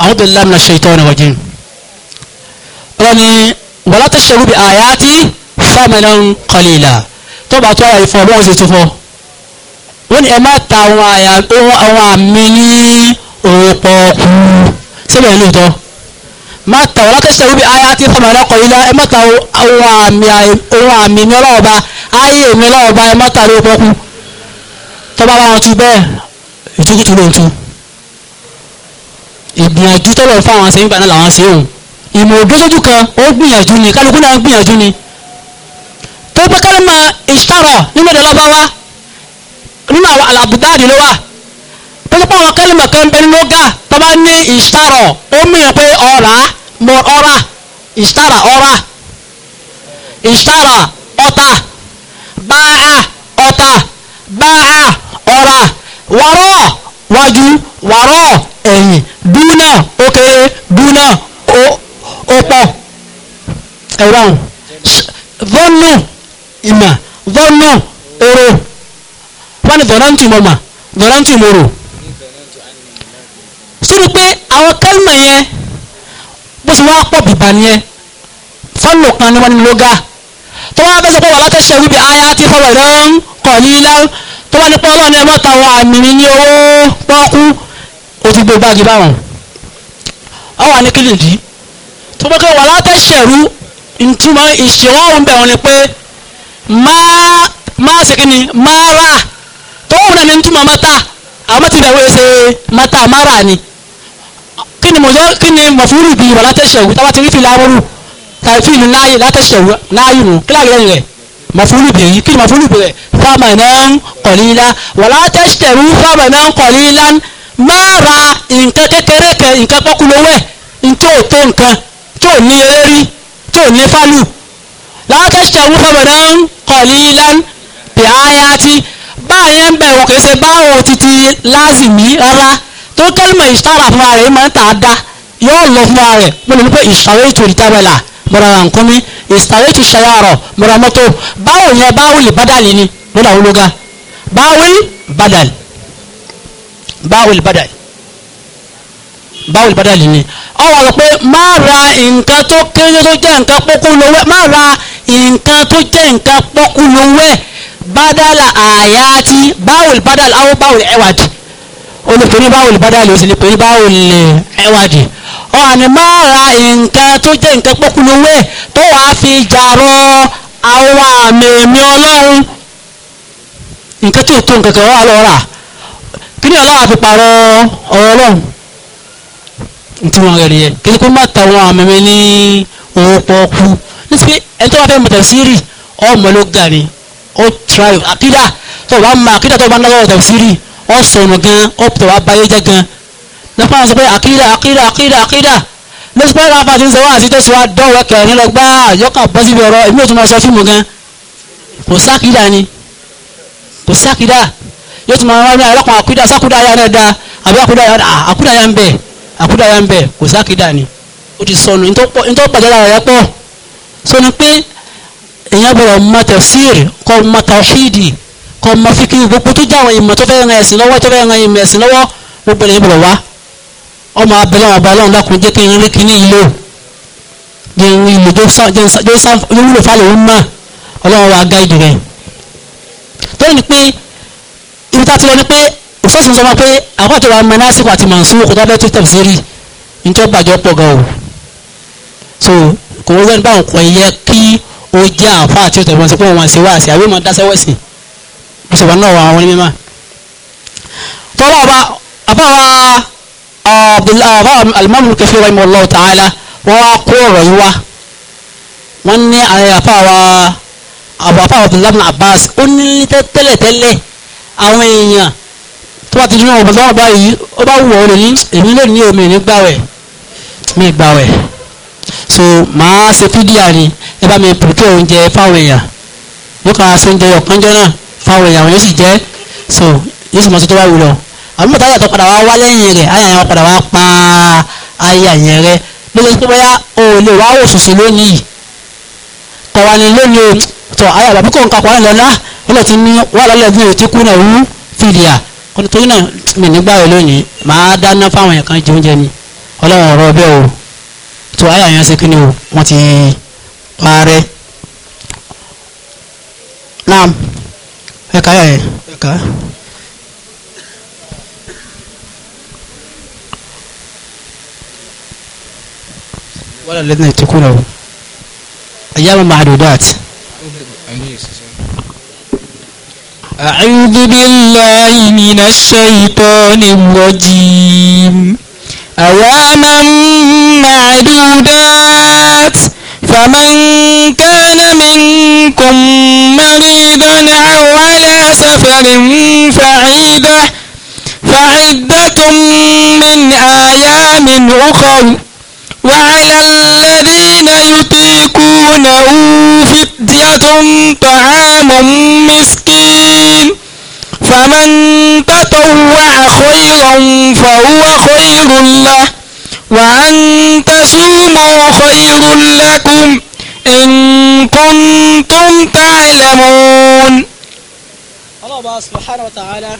[SPEAKER 1] a'udhu billahi minash shaitani rajim ọlọ́run ní wala tashtaru bi ayati thamanan qalila tó bá tó àyè fún ọ bọ́ọ̀ sì ti fọ́ wọ́n ní ẹ má ta àwọn àyà àwọn àmì ní òun pọ̀ọ̀kù síbẹ̀ lóòótọ́ má ta wala tashtaru bi ayati thamanan qalila ẹ má ta àwọn àmì mi ọlọ́ọ̀ba ayé mi ọlọ́ọ̀ba ẹ má ta lóòótọ́ kù tọ́ba bá wọn tu bẹ́ẹ̀ ìtukùtù ló ń tu ìgbìyànjú tọ́lọ̀ ń fáwọn ṣe ń gbà náà làwọn ṣe òun ìmọ̀ òdójójú kan ó gbìyànjú ni kálukú náà gbìyànjú ni tó pé kálímà ìṣtàrọ̀ nínú èdè lọ́bàwá nínú àwọn àlàbùdáàdì ló wà tó pé àwọn kálímà kan bẹ nínú gà tó bá ní ìṣtàrọ̀ ó mìíràn pé ọ̀rá mọ ọ̀rá ìṣtàrà ọ̀rá ìṣtàrà ọ̀tà báà ọ̀tà báà ọ̀rá wàrọ̀ wájú wàrọ̀ ẹ̀yìn dúnà ó kéré dúnà ó pọ̀ ẹ̀rọ àwọn vọ́nù ìmà vọ́nù èrò wọ́n ní vọ́nàntì mọ̀mà vọ́nàntì mọ̀rò sínú pé àwọn kẹ́lìmọ̀ yẹn bó ṣe wá pọ̀ bìbà nìyẹn fọ́nù kan ni wọ́n ní lóga tó wọ́n fẹ́ sọ pé wà látẹ̀ṣẹ̀ wíbi ayé àti fọwọ́ ìdán kọ̀ yín lẹ́rú tó bá ní pọ́ ọlọ́ọ̀ni ẹ mọ́ta wa àmì mi ní owó pọ́ọ́kú o ti gbé báàgì báwọn ọwọ́ ní kí nìdí tó bá kẹ́ wà látẹ̀sẹ̀rú ìtumọ̀ ìṣèwọ́ òun bẹ̀rù ni pé máa máa ṣe kí ni máa rà tó wù náà ní ìtumọ̀ mọ́ta àwọn ti bẹ̀rù ṣe mọ́ta máa rà ni kí mọ̀jọ́ kí mọ̀fúrú bí wà látẹ̀sẹ̀rú táwa ti rí fìlà amúrú tàbí fìlù náà yìí látẹ̀sẹ̀rú náà yìí nù kí láàyè rẹ̀ mafulu bi yi kí mafulu bi rẹ̀ famanan qalilan wala tashtaru famanan qalilan máa ra nǹkan kékeré kan nǹkan pọ́kúlówẹ́ tí ò tó nǹkan tí ò ní eré rí tí ò ní fálù la tashtaru famanan qalilan bi ayati báyẹn ń bẹ̀rù kì í ṣe báwo titi lázìmí rárá tó kẹ́lìmọ̀ ìṣàrà fúnra rẹ̀ máa ń tà á dá yóò lọ fúnra rẹ̀ mo lè ní pé ìṣàrò ètò ìtawẹ́là mọ̀ràn kọ́mí ìsàwéjì ṣayàrọ̀ mọ̀rọ̀mọ́tò báwo yẹn báwìlì bádàlì ni lọ́dà wọn lóga báwìlì bádàlì báwìlì bádàlì báwìlì bádàlì ni ọ wà lọ pé má ra nǹkan tó kéré tó jẹ́ nǹkan pọ́kú lówẹ́ má ra nǹkan tó jẹ́ nǹkan pọ́kú lówẹ́ bádàlà àyàtì báwìlì bádàlì àwọn báwìlì ẹ̀wàdì olùpẹ̀lú báwìlì bádàlì ó pẹ̀lú báwìlì ẹ̀wàdì ọ̀nì máa ra nǹkan tó jẹ́ nǹkan pọ́kúlówó ẹ̀ tó wàá fi jàrọ̀ àwọn àmì ẹ̀mí ọlọ́run nǹkan tí ò tó nǹkan kan wà lọ́ọ́ rà kí ni ọlọ́wà fi pààrọ̀ ọ̀rọ̀ ọlọ́run ntúmọ̀ rẹ̀ nìyẹn kí ni kó má ta àwọn àmì mi ní owó pọ́ọ́kú nítorí ẹni tó bá fẹ́ mọ̀tẹ̀ sírì ọmọ ló ga ni ó tíráyò àkídà tó o bá mọ àkídà tó bá ń lọ́wọ́ tẹ̀síìrì ó sọnù gan ó tẹ̀wá báyé jẹ́ gan nípa àwọn sọ pé àkídà àkídà àkídà àkídà lóṣù pé ráfà ti ń sọ wá àti tẹ̀sí wa kẹrin lọ gbá àyọ́kà bọ́ síbi ọ̀rọ̀ èmi ò tún máa sọ fíìmù gan kò sákìdá ni kò sákìdá yóò tún máa wá ní ọlọ́kan àkúdà sákúdà ayá náà da àbí àkúdà ayá àkúdà ayá ń bẹ̀ àkúdà ayá ń bẹ̀ kò sákìdá ni ó ti sọnù nítorí pàjọ́ lára rẹ̀ pọ̀ sọ ni pé èèyàn gbọ́dọ̀ mọ tẹ̀fíìrì kọ́ mọ tàwíìdì kọ́ mọ fíkì gbogbo tó jáwọn ìmọ̀ tó fẹ́ ran ẹ̀sìn lọ́wọ́ tó fẹ́ ran ìmọ̀ ẹ̀sìn lọ́wọ́ gbogbo èèyàn gbọ́dọ̀ wá ọmọ abẹ́lẹ́ ọba ọlọ́run dákun jẹ́ kí n rí kíní ìlò jẹ́ n rí ìlò jẹ́ wúlò fáwọn òun mọ̀ ọlọ́run wa gáìdì rẹ̀ tó ní pé ibi tá a ti lọ ni pé òfófin sọ ma pé àwọn àti wàá mẹ́ná síkò àti màsúwò kò dábẹ́ tó tẹ̀ sí rí nítorí bàjẹ́ pọ̀ gan o so kò wọ́n sẹ́ni báwọn kò yẹ kí ó jẹ́ àfa àti òtẹ̀ wọn sí pé wọn sì wá àṣẹ àwọn èèyàn dáṣẹ́ wẹ̀sìn bí sọ̀rọ̀ náà wà àwọn onímọ̀ tọ́lá ọba àbáwá. Ah, alimami kẹfẹ wa imu allah ta'ala wọn wá kó ọ̀rọ̀ yìí wá wọn ní àyàfà eh, wa àbàfà abdullahi bin abbas ó ní tẹ́lẹ̀tẹ́lẹ̀ àwọn èèyàn tó bá ti dúró ọ̀bọ̀n tó wà báyìí ó bá wù ọ́ èmi lè ní omi nígbà mi gbà so màá ṣe fídíà ni ẹ bá mi pèké oúnjẹ fáwọn èèyàn yóò kàn án ṣe oúnjẹ ọ̀kanjọ́ náà fáwọn èèyàn àwọn yóò sì jẹ́ so yóò sì mọ̀ sí tó bá wù lọ àbí mọ̀tá yàtọ̀ padà wá wá lẹ́yìn rẹ̀ àyà yẹn padà wá pa àyà yẹn rẹ̀ lórí pé bóyá o lè wá òṣìṣẹ́ lónìí kọ̀wá lónìí o tọ̀ àyà bàbá kò ń kakọ̀ ọ̀rẹ́ lọ́lá ilẹ̀ ti ní wà lọ́lẹ̀ bí o ti kú náà wú fìdíà torí náà mi nígbà rẹ̀ lónìí màá dáná fáwọn yẹn kan jẹ oúnjẹ ni ọlọ́run ọ̀rọ̀ bẹ́ẹ̀ o tọ̀ àyà yẹn ṣe kí ni o wọ́n ti parẹ́
[SPEAKER 2] naam ẹ̀ka yẹn ẹ̀ka.
[SPEAKER 1] ولا الذين يتقونه أيام معدودات أعوذ بالله من
[SPEAKER 3] الشيطان الرجيم أواما معدودات فمن كان منكم مريضا أو على سفر فعيدة فعدة من أيام أخر وعلى الذين يطيقونه فدية طعام مسكين فمن تطوع خيرا فهو خير له وأن تصوموا خير لكم إن كنتم تعلمون
[SPEAKER 1] الله سبحانه وتعالى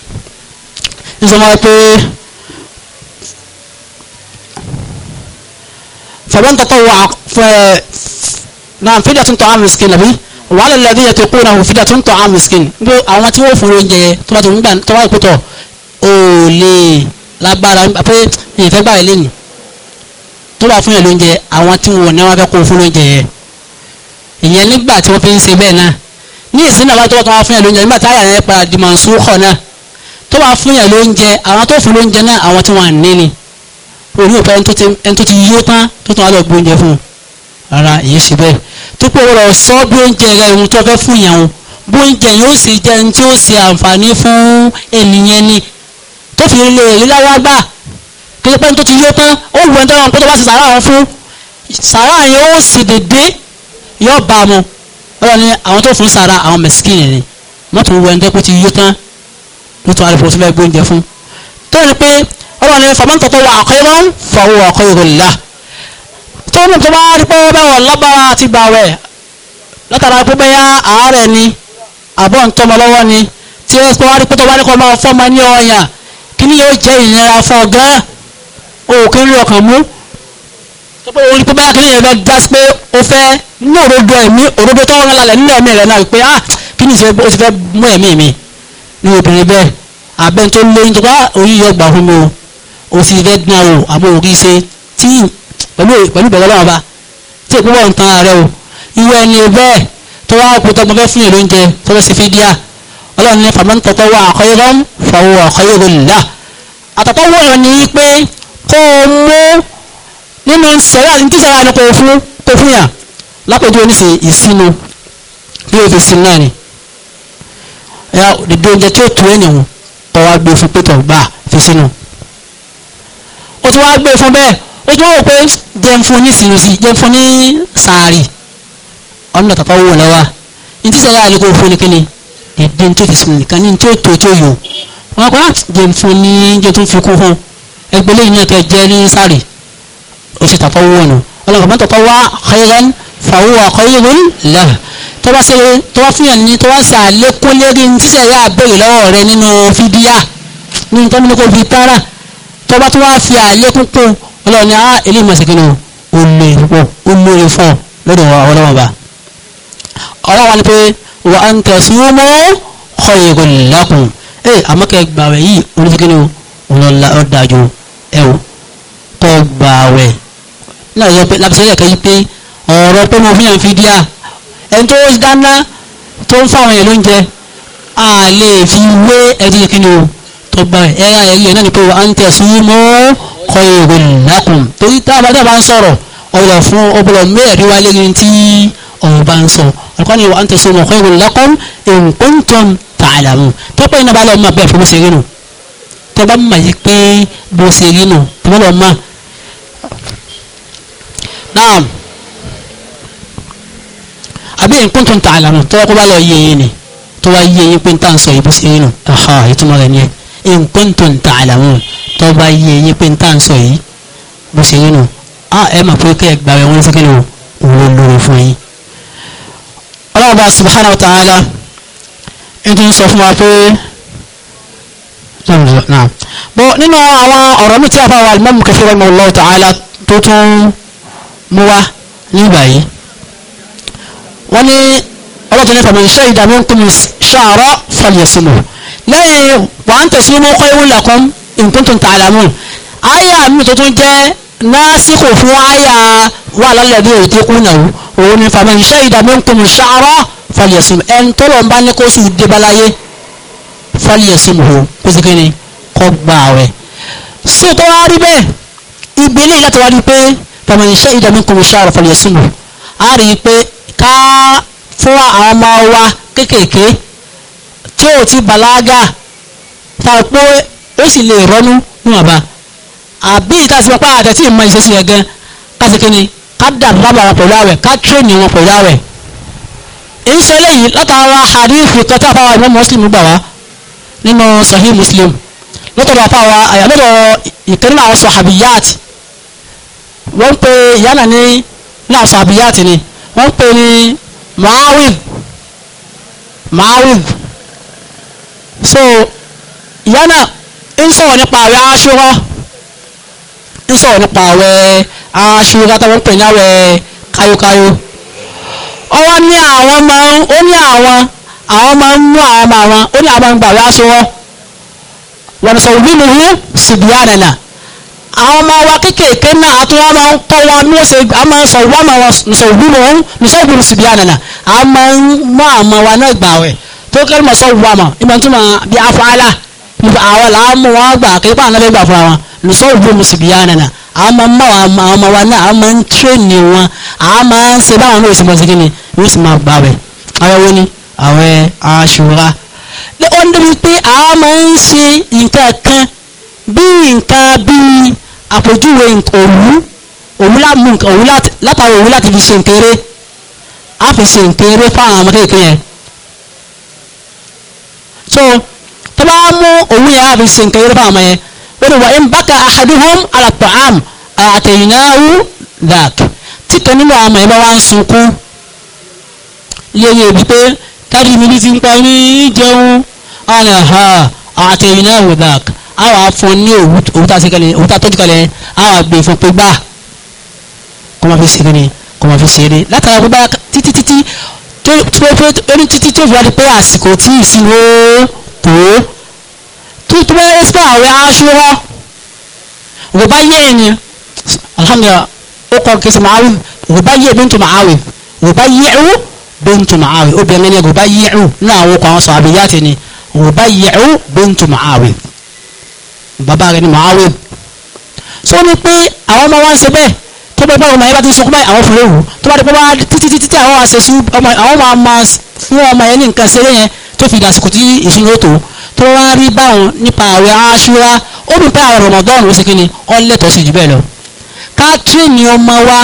[SPEAKER 1] زمرتي فمن تطوع ف... نعم فدية طعام مسكين نبي وعلى الذين يتقونه فدية طعام مسكين àwọn tí wọ́n fún oúnjẹ tó bá ti ń gbà tó bá kútọ̀ ò lè lágbára pé ìfẹ́ gbà ilé nì tó bá fún yẹn lóúnjẹ àwọn tí wọn ní wọn fẹ́ kó fún lóúnjẹ yẹn ìyẹn nígbà tí wọ́n fi ń ṣe bẹ́ẹ̀ náà ní ìsinmi àwọn tó bá tó wá fún yẹn lóúnjẹ nígbà tí àyà yẹn padà di mọ̀nsúkọ̀ náà tó bá fún yẹn lóúnjẹ orí òpá ẹni tó ti yó tán tó tún wá lọ gbóúnjẹ fún un rárá èyí ṣe bẹ́ẹ̀ tó pé wọ́n lọ sọ bí oúnjẹ rẹ ohun tó fẹ́ fún ìyàwó bí oúnjẹ yóò ṣe jẹ́ ẹni tí ó ṣe àǹfààní fún ènìyàn ni tó fi lè rí lára gbà kí ló pẹ́ tó ti yó tán ó wù ẹni tó rọrùn pé tó bá ṣe sàárà wọn fún sàárà yẹn ó sì dédé yóò bá a mu wọ́n ní àwọn tó fún sàárà àwọn mẹ̀síkìnì ni mọ́tò wù ẹni tó ti yó tán ló tún àlùfò tó fẹ́ gbóúnjẹ ọlọ́run ní faman tatawwa'a khayran fahuwa khayrun lahu tó ní tó bá rí pé báwọn lágbára àti gbàwẹ̀ látara pé bẹ́yà àárẹ̀ ni àbọ̀ ntọ́mọ lọ́wọ́ ni tí ó pé wá rí pé tó bá ní kọ́ máa fọ́mọ ní ọ̀yàn kí ni yóò jẹ́ ìnira fún ọ gan òkè rí ọkàn mú tó pé orí pé báyà kí ni yẹn fẹ́ dá pé ó fẹ́ ní òrodo ẹ̀mí òrodo tó ń lalẹ̀ nínú ẹ̀mí rẹ̀ náà pé ah kí ni ìṣe ó ti fẹ́ mú ẹ̀mí mi ní obìnrin bẹ́ẹ̀ àbẹ́ntó lóyún tó bá oyún yọ gbà fún mi o òsì fẹ́ dín àwò àmọ́ òkì ṣe tí pẹ̀lú pẹ̀lú bẹ̀rẹ̀ lọ́wọ́ bá tí èkó bọ̀ ń tan ààrẹ o irú ẹni bẹ́ẹ̀ tó wá kó tọmọ fẹ́ fún ìlóúnjẹ tó fẹ́ ṣe fídíà ọlọ́run ní faman tatawwa khayran fahuwa khayrun lah àtàtọ́wọ́ rẹ̀ ní pé kó o mú nínú sẹ́yà ní tíṣẹ́ra ni kò fún kò fún yà lápẹ̀jù oníṣe ìsinu bí o fi sin náà ni ẹ̀yà dídí oúnjẹ tí ó tu ẹ̀yìn wọn kọ́ wa gbé fún pétọ̀ gbà fi sínú ó ti wá gbé e fún bẹ́ẹ̀ ó ti wá wò pé jẹun fún ní sinusí jẹun fún ní sàárì ọ̀nà tàpá wò lọ́wọ́ ní tí sẹ́yà àlùkò fún ni kíni èdè tó fi sinmi nìkan ní tí ó tó tó yò wọn kọ́ jẹun fún ní jẹun tó fi kú hàn ẹgbẹ́ lẹ́yìn náà kẹ́ jẹ́ ní sàárì ó ti tàpá wò nù ọlọ́kọ̀ mọ́tò pa wá khayran fàwọ́ khayrun lahu tọ́wá ṣe tọ́wá fún yàn ní tọ́wá ṣe àlékún lérí ní tí sẹ́yà tọba tó wá fi àlékún kún ọlọ́run ní ah eléyìí máa ṣe kí ni o lè pọ̀ o lóore fún ọ lọ́dọ̀ ọlọ́run ọba ọlọ́run wa ni pé wà á ń tẹ̀sí ọmọ khayrun lakum ẹ àmọ́ kẹ́ gbàwẹ̀ yìí oníṣẹ́ kí ni o ọlọ́la ọ̀dàjọ ẹ o kọ́ gbàwẹ̀ náà yẹ pé lábísẹ́lẹ̀ kẹ́ yí pé ọ̀rọ̀ pé mo fi hàn fi díà ẹni tó dáná tó ń fáwọn èèyàn lóúnjẹ àlè fi wé ẹni kí tó bá ẹ̀yà ẹ̀rí ẹ̀ náà ni pé wà á ń tẹ̀sí mọ́ kọ́ èrò lákùn torí táwọn bá dábàá ń sọ̀rọ̀ ọ̀rọ̀ fún ọbọ̀rọ̀ mẹ́ẹ̀ẹ́dì wá lẹ́yìn tí ọ̀rọ̀ bá ń sọ ọ̀kọ́ ni wà á ń tẹ̀sí mọ́ kọ́ èrò lákùn nǹkan tó ń ta àlàmù tó pẹ́ iná bá lọ́ọ́ máa bẹ́ẹ̀ fún bó ṣe rí nù tó bá mà yí pé bó ṣe rí nù tó bá lọ́ọ́ máa. àbí nǹkan tó ń ta àlàmù tó bá lọ́ọ́ yẹ yẹn ni tó wá yẹ yẹn pé ń tà ń sọ ìbúṣe rí nù aha ìtumọ̀ rẹ̀ nìyẹn in kuntum ta'lamun tó bá yé yín pé n tá à ń sọ yìí bó ṣe yín nù á ẹ mà pé kí ẹ gbàgbé wọn sí kíni o òun ló lóore fún yín. ọlọ́run bá ta'ala ń tún sọ fún wa pé bó nínú àwọn ọ̀rọ̀ mi tí a bá wà Imam Kathir rahimahullahu ta'ala tó tún mú wa nígbà yìí wọ́n ní ọlọ́tún ní faman shahida minkum shahra falyasumhu lẹ́yìn wà ń tẹ̀sí mú kọ́ ewu lakum in kuntum ta'lamun àyà mi tó tún jẹ́ násìkò fún àyà wà lálẹ́ bí òde kú nàwó òun ni faman shahida minkum sha'ra falyasum ẹn tó lọ́n bá ní kó sùn débàláyé falyasumhu kó sì kéde kó gbà wẹ̀ sí tó wá rí bẹ́ẹ̀ ibi ní láti wá rí pé faman shahida minkum sha'ra falyasumhu a rí i pé ká fún àwọn ọmọ wa kéékèèké tí ò ti bàlágà ta pé ó sì lè rọ́nú níwọ̀nba àbí ìtàsí pápá àtẹ̀tí ìmọ̀ ìṣesí yẹn gan kásìkínni ká dàbàbà wọn pẹ̀lú àwẹ̀ ká tírèènì wọn pẹ̀lú àwẹ̀ ìṣe eléyìí látara àdífì kan tí a fáwọn ìmọ̀ mùsùlùmí gbà wá nínú sahih muslim lọ́tọ̀dọ̀ fáwọn àyàlọ́dọ̀ ìkànnì àwọn sahabiyat wọ́n pe ìyáàna ní náà sahabiyat ni wọ́n pe ní maawid maawid so ìyá náà ń sọ̀rọ̀ nípa àwẹ̀ aṣọ́ra ń sọ̀rọ̀ nípa àwẹ̀ aṣọ́ra táwọn ń pè ní àwẹ̀ káyókáyó ọwọ́ ní àwọn máa ń ó ní àwọn àwọn máa ń mú àwọn ọmọ àwọn ó ní àwọn máa ń gbà àwẹ̀ aṣọ́ra wọn sọ wí ni wú sìbíànàlà àwọn ọmọ wa kéékèèké náà àti wọn máa ń kọ́ wọn ní ọ̀sẹ̀ a máa ń sọ wọn máa ń sọ wí ni wọn ní sọ wí ni sìbíànàlà a máa ń mú àwọn ọmọ wa náà gbà àwẹ̀ tó kẹ́lí mọ̀ sọ́wọ́ àmọ̀ ìmọ̀ tí mà bí afọ́lá nípa àwọn làámu wọn gbà kéèpá àná fẹ́ gbà fúnra wọn lùsọ́wọ́ bó mu sì bí yánnà nà àwọn máa ń mọ̀ àwọn ọmọ wa náà àwọn máa ń tírèèni wọn àwọn máa ń ṣe báwọn náà sì mọ̀ sí kí ni wọ́n sì máa gbà wẹ̀ àwọn wo ni àwẹ̀ e, aṣọra ó ń débi pé àwọn máa ń ṣe nǹkan kan bí nǹkan bíi àpèjúwe òwú òwú látàwọn òwú láti fi ṣe nǹkan eré á fi ṣe nǹkan eré fáwọn ọmọ kékeré yẹn so tó bá mú òun yẹn àfi ṣe nǹkan yẹn fáwọn yẹn ó ní wà ń bákà ahaduhum ala ta'am àtẹ̀yìnáwó dàk tí kan nínú àwọn ẹ̀ bá wá ń sunkún léyìn èbí pé káàdì mi bí ti ń pa ní jẹun ọ̀nà àtẹ̀yìnáwó dàk àwọn afọn ní òwúta tọ́jú kalẹ̀ àwọn àgbè e fún pé gbà kọ́ máa fi ṣe kí ni kọ́ máa fi ṣe eré látara pé bá títí títí torí títí tó fi wá di pé àsìkò tí ìsinmi ó tó tó tó bá yẹ sípò àwẹ̀ aṣọ́rọ́ wò bá yẹ ẹ̀yìn alhamdulilah ó kọ́ kí sọ màáwì wò bá yẹ bíntu màáwì wò bá yẹ ẹ̀rú bíntu màáwì obìnrin ní wò bá yẹ ẹ̀rú ní àwọn okò àwọn sọ àbíyá ti ni wò bá yẹ ẹ̀rú bíntu màáwì bàbá rẹ̀ ni màáwì sọ ni pé àwọn ọmọ wa ń ṣe bẹ́ẹ̀ tó bẹ́ẹ̀ báwọn ọmọ yẹn bá ti sunkún báyìí àwọn fúnlẹ̀ wò tó bá dé pé wá títí títí àwọn máa ṣe sí àwọn máa ma fún ọmọ yẹn ní nǹkan ṣeré yẹn tó fi dàsìkò tí ìṣirò tó tó wá rí báwọn nípa àwẹ̀ aṣúra ó bí pé àwọn Ramadan ó sì kí ni ó lẹ́tọ̀ọ́ sí jù bẹ́ẹ̀ lọ. ká tírèèni ọmọ wa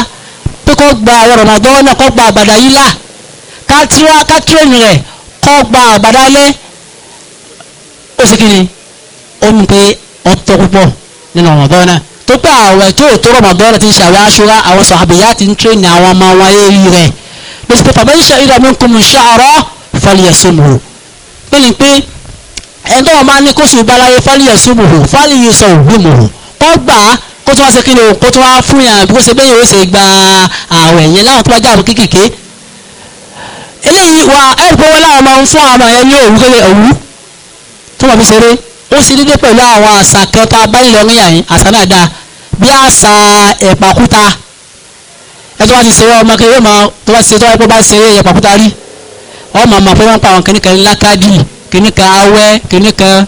[SPEAKER 1] pé kó gba àwọn Ramadan náà kó gba àbàdà yìí là ká tírèèni rẹ̀ kó gba àbàdà lẹ́ ó sì kí ni ó ní pé ọ̀tọ̀ púpọ̀ nínú Ramadan náà tó pé àwẹ̀ tí ò tó rọmọdọ́nà ti ń ṣàwẹ̀ aṣọra àwọn sàbíyá ti ń tírẹ̀nì àwọn ọmọ wọn lérí rẹ̀ bẹ́sẹ̀ pé fàmọ́ ìṣe ìdààmú kùmù ṣàárọ̀ fàlìyàsómùhù pé ni pé ẹni tó wọn bá ní kóṣù ìbáláyé fàlìyàsómùhù fàlìyàsọ ògbìmùhù kọ́ gbà á kó tó wá ṣe kíni o kó tó wá fún yàn bí kó ṣe bẹ́ẹ̀ yóò ṣe gba àwẹ̀ yẹn láwọn tó bá ó sì dídé pẹ̀lú àwọn àṣà kẹta abánilọ́míyà yẹn àṣà náà dáa bí àṣà ẹ̀pàkúta ẹ tó bá ti ṣeré ọmọ kẹrin ọmọ tó bá ti ṣe tó wáyé pé ṣeré ẹ̀pàkúta rí ọmọ ọmọ pé pa àwọn kìnnìkan lákàdì kìnnìkan awẹ́ kìnnìkan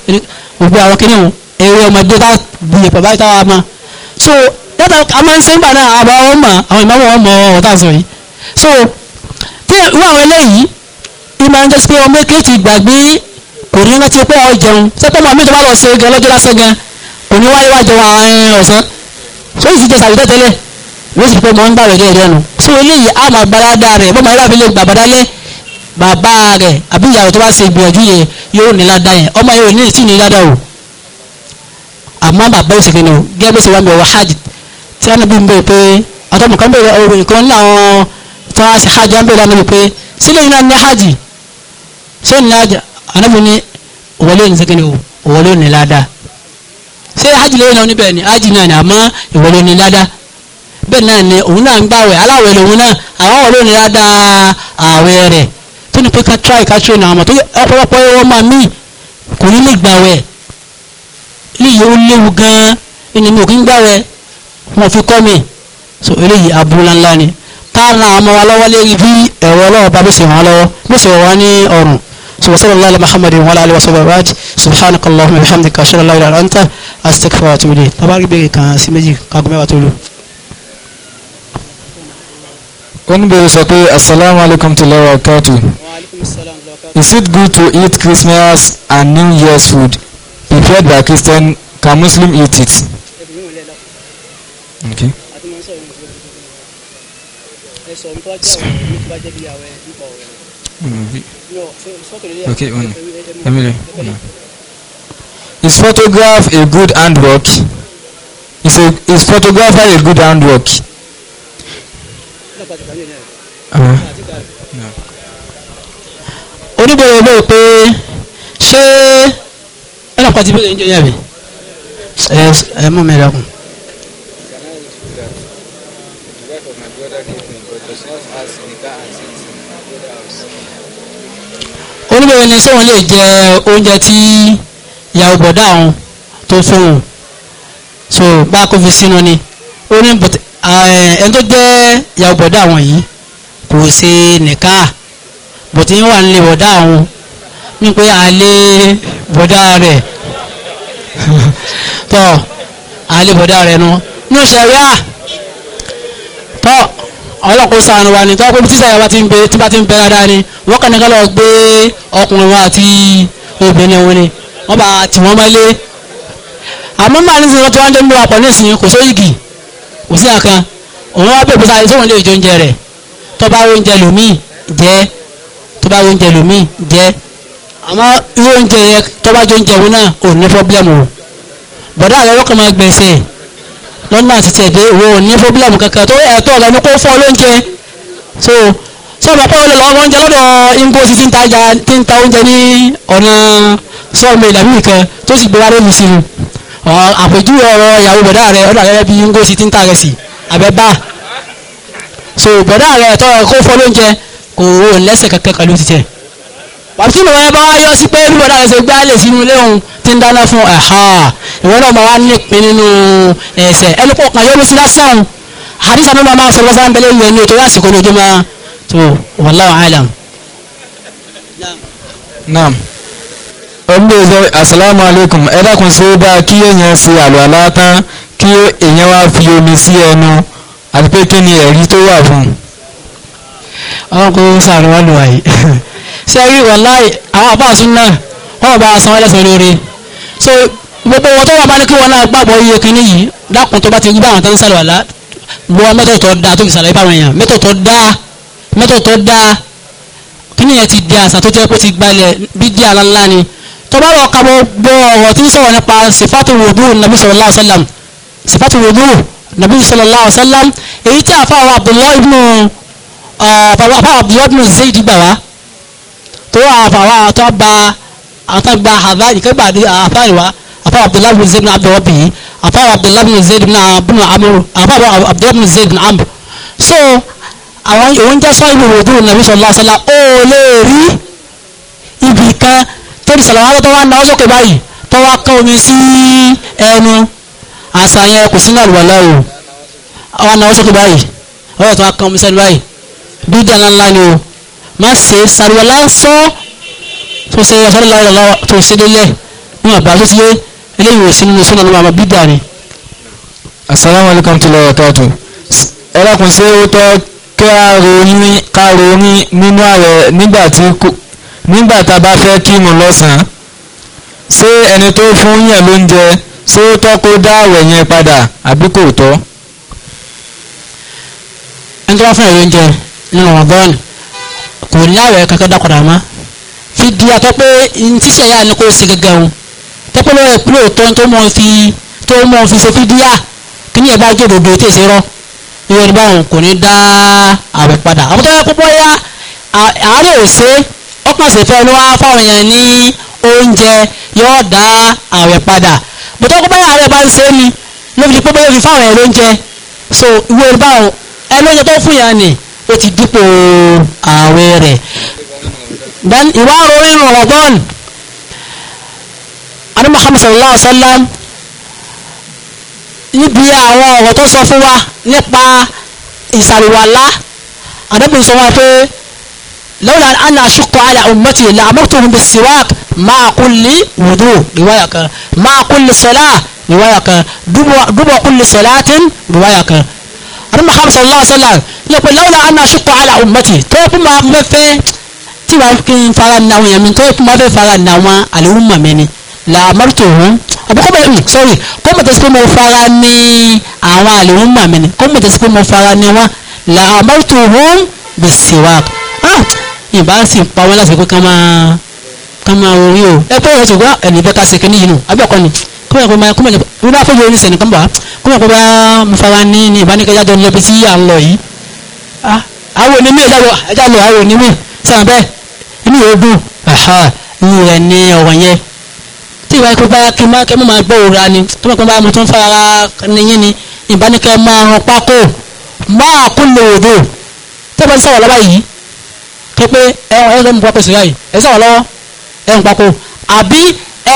[SPEAKER 1] gbogbo àwọn kìnnìkan eré ọmọdé tá gbìyànjú pàbá táwa ma so yàtọ̀ àmọ́ ń ṣe ń bà náà àbá wọn mọ̀ àwọn ìmọ̀ wọn mọ̀ ọ̀tá sọ yìí so tí irú àwọn eléyìí ìmọ̀ ń jẹ́ sí pé ọmọ kéèké ti gbàgbé kò ní rántí pé ọ jẹun sẹ́pẹ́ mọ̀ mí tó bá lọ ṣe gan lọ́jọ́ lásán gan kò ní wáyé wá jẹun àárín ọ̀sán so yìí ti jẹ sàbí tẹ́tẹ́lẹ̀ lóṣù pé mọ̀ ń gbà rẹ̀ díẹ̀ nu so eléyìí á máa gbáradá rẹ̀ bọ́mọ ẹ̀rọ àfilẹ̀ gbàgbádálẹ̀ bàbá rẹ̀ àbí ìyàwó tó bá ṣe ìgbìyànjú yẹn yóò ní ládàá yẹn ọmọ yẹn ò ní ìtì ní ládàá o àmọ́ bàbá ò sì fi nù gẹ́gẹ́ bó ọwọ́ hajj tí wọ́n bí ń bẹ̀rẹ̀ pé ọ̀tọ́mọ̀kan bẹ̀rẹ̀ obìnrin kan ní àwọn tó wá ṣe hajj wọ́n bẹ̀rẹ̀ lánàá pé sílẹ̀ yìí náà ní hajj ṣé ní hajj òwò ló ní sẹ́kẹ́ni o òwò ló ní ládàá ṣé ájì lóyún náà níbẹ̀ ni ájì náà ni àmọ́ ìwọ ló ní ládàá bẹ́ẹ̀ náà ni òun náà ń gbàwẹ̀ aláwẹ̀ lòun náà àwọn òwò ló ní ládàá ààwẹ̀ rẹ̀ tó ní pé ká tíráì ká tíráì náà mọ̀ tó ọ̀pọ̀lọpọ̀ ẹwọ́ máa mí kò ní lè gbàwẹ̀ eléyìí ó léwu gan-an mi ò kí ń gbàwẹ̀ wọn fi kọ́ mi so eléyìí abúlá ńlá ni ká ran àwọn ọmọ wa lọ́wọ́ lérí bí وصلى الله على محمد وعلى اله وصحبه وبارك سبحانك اللهم وبحمدك اشهد ان لا اله الا انت استغفرك واتوب اليك tabaari bèèrè kan sí méjì kaago mẹ́wàá tó lù. wọ́n bèèrè sọ pé asalaamu alaykum to lawa akatu. is it good to eat Christmas and New Year's food prepared by Christian
[SPEAKER 3] can Muslim eat it. Okay. mm
[SPEAKER 1] Okay, one. Emily.
[SPEAKER 3] No. Is photograph
[SPEAKER 2] a good handwork? Is a is photographer a good handwork? Ah.
[SPEAKER 1] Oníbẹ̀rẹ̀ ló pé ṣé ẹnì kan ti bẹ̀rẹ̀ ń jẹ́ yàrá
[SPEAKER 2] ẹ ẹ mú mi lẹ́kùn
[SPEAKER 1] níbẹ̀rẹ̀ ni ṣé wọ́n lè jẹ oúnjẹ tí ìyàwó bọ̀dá àwọn tó fún so bá a kó fi sínú ni ó ní ẹni tó jẹ́ ìyàwó bọ̀dá àwọn yìí kò ṣe nìka bọ̀tí wà nílé bọ̀dá àwọn ní pé àlè bọ̀dá rẹ̀ *laughs* tọ́ àlè bọ̀dá rẹ̀ nu ní ìṣẹ̀rí à tọ́ ọlọ́kùnrin sànù wa ni tó wáá pé tíṣà yàrá ti ń bẹ tí bá ti ń bẹ dáadáa ni wọ́n kàn ní ká gbé ọkùnrin wọn àti obìnrin wọn ni wọ́n bá tì wọ́n mọ́lé àmọ́ màá nísìnyí wọ́n ti wáá ń jẹ́ níbi wàpọ̀ nísìnyí kò sóyè gì kò sí àkan òun wá bèbè sáré sóhun lè jẹ oúnjẹ rẹ̀ tó bá oúnjẹ lòmíì jẹ tó bá oúnjẹ lòmíì jẹ àmọ́ irú oúnjẹ yẹn tó bá jẹ oúnjẹ wọn náà ò ní pọ́blẹ́mù bọ̀dá àlọ́ lọ́nà àti tẹ̀dé ìwọ ní fọ́bílàmù kankan tó ẹ̀tọ́ ọ̀gá ni kó fọ́ lóúnjẹ so sọ́ọ̀mù ọ̀pọ̀ olè lọ́wọ́ oúnjẹ lọ́dọ̀ ingo ti ń tajà ti ń ta oúnjẹ ní ọ̀nà sọ́ọ̀mù ìlàbí nìkan tó sì gbé wálé lùsì àpèjúwe ọ̀rọ̀ ìyàwó bọ̀dá rẹ ọ̀dọ̀ àgẹ́gẹ́ bí ingo ti ń ta rẹ̀ sí abẹ́ bá so bọ̀dá rẹ ẹ̀tọ́ rẹ kó fọ́ lóúnjẹ kò lẹ́sẹ̀ kankan pẹ̀lú títẹ̀ wàtúnú ẹ bá yọ sí pé bíbọ̀dá rẹ̀ ṣe gbáàlè sínú ilé òun ti ń dáná fún ẹ̀hà ìwọ náà máa wá nípìn nínú ẹsẹ̀ ẹni kó kàn yọrù sí lásán àdìsá ló máa sọ̀rọ̀ sáà ń bẹ̀lẹ̀ ìwé ní ètò àsìkò lójú máa tó wallahu alam. naam ọmọdé ṣe asalaamu ẹ dákun ṣe bá kí èèyàn ṣe àlùalá tán kí èèyàn wá fi omi sí ẹnu àti pé kí ni ẹ̀rí tó wà fún. ọkùnrin sàrọ̀ wà lù wáyé. *laughs* sẹ́rí wàláì àwọn àbá àsun náà wọ́n bá san ẹlẹ́sìn lóore so gbogbo wọn tó wà bá ní kí wọn náà gbàgbọ́ iye kínní yìí dákun tó bá ti rí báwọn tó ń sàlùwà lá gbọ́ mẹ́tọ̀ tó dáa tó fi sàlàyé báwọn èèyàn mẹ́tọ̀ tó dáa mẹ́tọ̀ tó dáa kínní yẹn ti di àṣà tó jẹ́ kó ti gbalẹ̀ bí di àlàlá ni tó bá lọ ka gbọ́ ọ̀rọ̀ tí ń sọ̀rọ̀ nípa sifatu wudu nabi sallallahu alayhi wa sallam sifatu wudu nabi sallallahu alayhi wa sallam èyí tí àfa àwọn ah, Abdullahi ibn Zayd gbà wá tó àfàwọn àtọ́gba àtọ́gba àfàwọn ìkẹ́gbà ní àfàwọn ìwà àfàwọn abdullahi bin zayd bin abdulrabi àfàwọn abdullahi bin zayd bin abdul amr àfàwọn abdullahi bin zayd bin amr so àwọn ìwọ́njẹ́ sọ ibi wòdú nàbí sallallahu alaihi wasallam ó lè rí ibì kan tóbi sọ̀rọ̀ wọn tó wá náwó sókè báyìí tó wá kọ́ omi sí ẹnu àṣà yẹn kò sínú àlùwàlá o wọn náwó sókè báyìí wọn tó wá kọ́ omi sẹ́nu báyìí bí díẹ̀ ńláńlá ni o má ṣe sàrùwàlá sọ́ tó ṣe sàrùwàlá tó ṣe délẹ̀ ní àbá tó ti yé eléyìí ò sí nínú sọ́nà ló máa bí ni. asalaamu alaykum tí lọ́wọ́ tọ́tù ẹlẹ́kùn ṣé ó tọ́ ká ronú nínú ààrẹ nígbà tí nígbà tá a bá fẹ́ kírun lọ́sàn-án ṣé ẹni tó fún yẹn lóúnjẹ ṣé ó tọ́ kó dá ààwẹ̀ yẹn padà àbí kò tọ́. ẹni tó bá fún ẹ̀rọ oúnjẹ ní Ramadan kò ní àwẹ̀ kankan dákọ̀dà mọ́ fi di àtọ́ pé ntísẹ̀ yà ni kò sí gẹ́gẹ́ o tọ́pẹ́ lọ́wọ́ ìpínlẹ̀ òtọ́ tó mọ̀ fi tó mọ̀ fi ṣe fídíà kí ni ẹ̀ bá jòdòdò tí èsì rọ ìwé ni báwọn kò ní dá àwẹ̀ padà àwọn tó yẹ kó bóyá àárẹ̀ òṣè ọkàn ṣèfẹ́ olúwa fáwọn èèyàn ní oúnjẹ yóò dá àwẹ̀ padà bọ́tọ́ kó bóyá àárẹ̀ bá ń ṣe ni ló fi di pé bóyá fi fáwọn èèyàn lóúnjẹ so ìwé ni báwọn ẹ lóúnjẹ tó fún yàn nìí ó ti dípò ààwẹ̀ rẹ̀ dan ìwà rọrí rọ̀gbọ́n anu muhammad sallallahu alaihi wa sallam níbi àwọn ọ̀rọ̀ tó sọ fún wa nípa ìsàlùwàlá àdébùn sọ wọn pé lọ́wọ́lá anna ashukku ala ummati la amartuhum bis-siwak ma'a kulli wudu riwaya kan ma'a kulli salah riwaya kan dubura kulli salatin riwaya kan
[SPEAKER 2] àdúgbò kan sọ̀rọ̀ lọ́wọ́
[SPEAKER 1] sọ́lá yẹ pé lọ́wọ́ àná aṣọ́kọ̀ àlà ummati tó yẹ kó máa fẹ́ fẹ́ tí wàá kí n fara nà wọn yẹn mi tó yẹ kó máa fẹ́ fara nà wọn àlẹ́wò mọ̀ mi ni làmọ́rì tó hùn àbí kó bẹ̀rẹ̀ sọ́rí kó mọ̀ tẹ́sí pé mo fara ní àwọn àlẹ́wò mọ̀ mi ni kó mọ̀ tẹ́sí pé mo fara ní wọn làmọ́rì tó hùn bí siwa ah, ìbá sì pa wọn láti pé ká máa ká máa orí o ẹ pé ìrẹsì gbọ́ ẹnì bẹ́ẹ̀ ká ṣe kíní yìí nù abẹ́ọ̀kọ́ ni kọ́mọ̀ ẹ̀kọ́ máa kọ́mọ̀ ẹ̀kọ́ wíwá fẹ́ yóò ní sẹ̀ nìkan bá kọ́mọ̀ ẹ̀kọ́ bá mo fara ní ní ìbánikẹ́já jọ nílẹ̀ bí sí à ń lọ yìí àwọn onímọ̀ ẹ̀já lọ àwọn onímọ̀ sàn bẹ́ẹ̀ inú yóò dùn ní rẹ̀ ní ọ̀rọ̀ yẹn tí ìwà ẹ̀kọ́ bá kí má kẹ́mọ́ máa gbọ́ òra ni kọ́mọ̀ ẹ̀kọ́ bá mo tún fara níyìn ni ìbánikẹ́ máa hàn pákó máa kún lè òdo tẹ́ bá ń sọ̀rọ̀ lọ́wọ́ yìí tó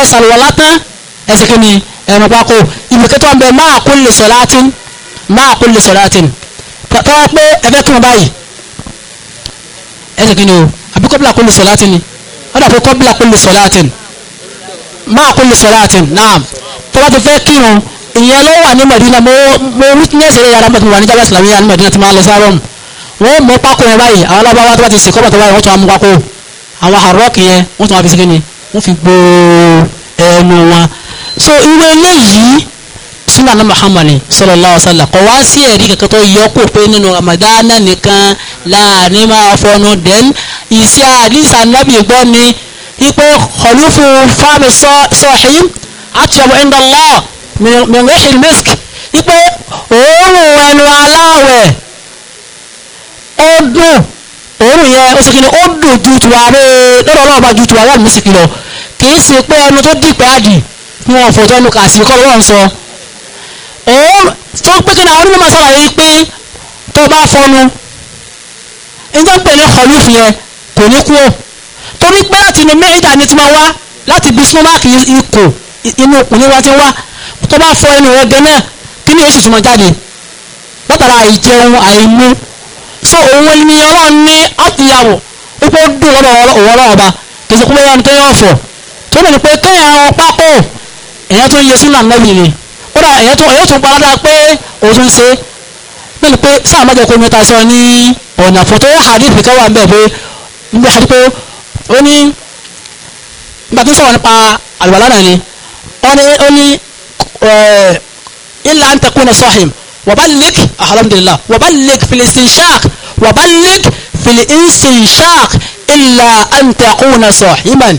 [SPEAKER 1] ẹ sàlùwọ̀ látán ẹsẹ̀ kí ni ẹ̀rùn pákó ìmọ̀kẹ́tọ́ ń bẹ máa kó lè sọ látìn máa kó lè sọ látìn tọ́wọ́ pé ẹgbẹ́ kí wọ́n báyìí ẹsẹ̀ kí ni o àbí kọ́bílà kó lè sọ látìn ni wọ́n dà pé kọ́bílà kó lè sọ látìn máa kó lè sọ látìn náà tọ́wọ́ ti fẹ́ kírun ìyẹn ló wà ní Madina mo witness eré yàrá mọ̀tò wà ní jábẹ́ sàlámì ní Madina tí máa lọ sáárọ̀ mu wọ́n mọ pákó yẹn báyìí àwọn alábáwá tó ti sè kọ́bà tó báyìí wọ́n tún amú pákó àwọn àrọ́ọ̀kì yẹn wọ́n tún wá fi sí ni wọ́n fi gbòó ẹnu wọn so irú eléyìí sunana muhammadu sallallahu alaihi wa sallam kò wá sí ẹ̀rí kankan tó yọ kó pé nínú ramadana nìkan láàrin máa fọnu dẹ́n ìṣe àdìsá nàbì gbọ́ ni ipe kọlùfù fáàmì sọ̀hìn àtúnyẹ̀wò indọ̀lọ́ mẹ̀rẹ́hìn misk ipe òórùn ẹnu aláwẹ̀ ó dùn òórùn yẹn ó sì kí ni ó dùn ju tùwárẹ́ lọ́dọ̀ ọlọ́ọ̀bá ju tùwárẹ́ àmì síkì lọ kì í ṣe pé ẹnu tó dìpẹ́ àdì ní wọn fòótọ́ nu kà sí kọ́ lọ́wọ́ ń sọ òun tó pé kí ni àwọn onímọ̀ sọ̀rọ̀ yìí pé tó bá fọnu ẹjọ́ pè ní kọlùfù yẹn kò ní kú ò torí pé láti inú méjìdá ni tí wọ́n wá láti ibi stomach ikùn inú ikùn ni wọ́n ti wá tó bá fọ ẹnu rẹ̀ gan kí ni oṣù tí wọ́n jáde látara àìjẹun àìmú so òun ni ọlọ́run ní àtìyàwó wípé ó dùn ọ̀rọ̀ ọ̀rọ̀ ọba kì í ṣe kúmẹ́yà ni kéèyàn ọ̀fọ̀ tó mọ̀ pé kéèyàn ọ̀pá kò èyàn tó ń yẹ súnà nẹ́bì ni ó dà èyàn tó èyàn tó ń parada pé òun tún ṣe bẹ́ẹ̀ pé sáà má jẹ́ kó mẹ́ta sọ ní ọ̀nà fọ́tò hadith kan wà níbẹ̀ pé níbi hadith pé ó ní nígbà tó sọ̀rọ̀ nípa àlùbálà náà ni ó ní ó ní ilà ń tẹkùn ní sọ́hìm wàbálẹ́k alhamdulillah wàbálẹ́k filistinshaq wàbálẹ́k filistinshaq ilà ń tẹkùn ní sọ́hìmán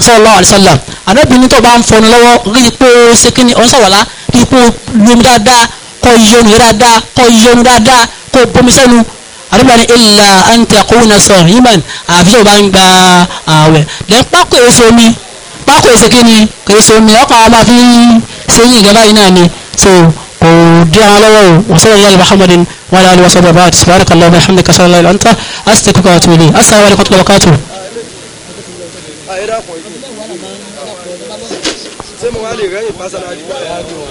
[SPEAKER 1] sallallahu alaihi wasallam anábìnrin tó bá ń fọnu lọ́wọ́ rí i sekini. ó ṣe kí ni ó ń sàwọ́lá rí i pé ó lomi dáadáa kọ́ yọnu dáadáa kọ́ yọnu dáadáa kọ́ bomi sẹ́nu àdúgbàní ilà antakuna sọ̀rìmàn àfihàn bá ń gba ààwẹ̀ lẹ́yìn pákó èso mi pákó èso kíni èso mi ọkọ̀ àwọn máa fi sẹ́yìn ìjọba yìí náà ni so kò dí àwọn lọ́wọ́ o wọ́n sọ̀rọ̀ yàrá muhammadin wàhálà alẹ́ wàsọ̀rọ̀ bàbá àti sùpàrọ̀ kàlọ́ bàbá hamdi kasarala ilẹ̀ ọ̀ntà asitẹ́kùkọ̀ àtúwìlì asàwálẹ̀ kọ́tùkọ̀ bàkàtù
[SPEAKER 3] ayé dàkún ikú ṣé mo wá lè rẹ́yìn pásálà àdìgbà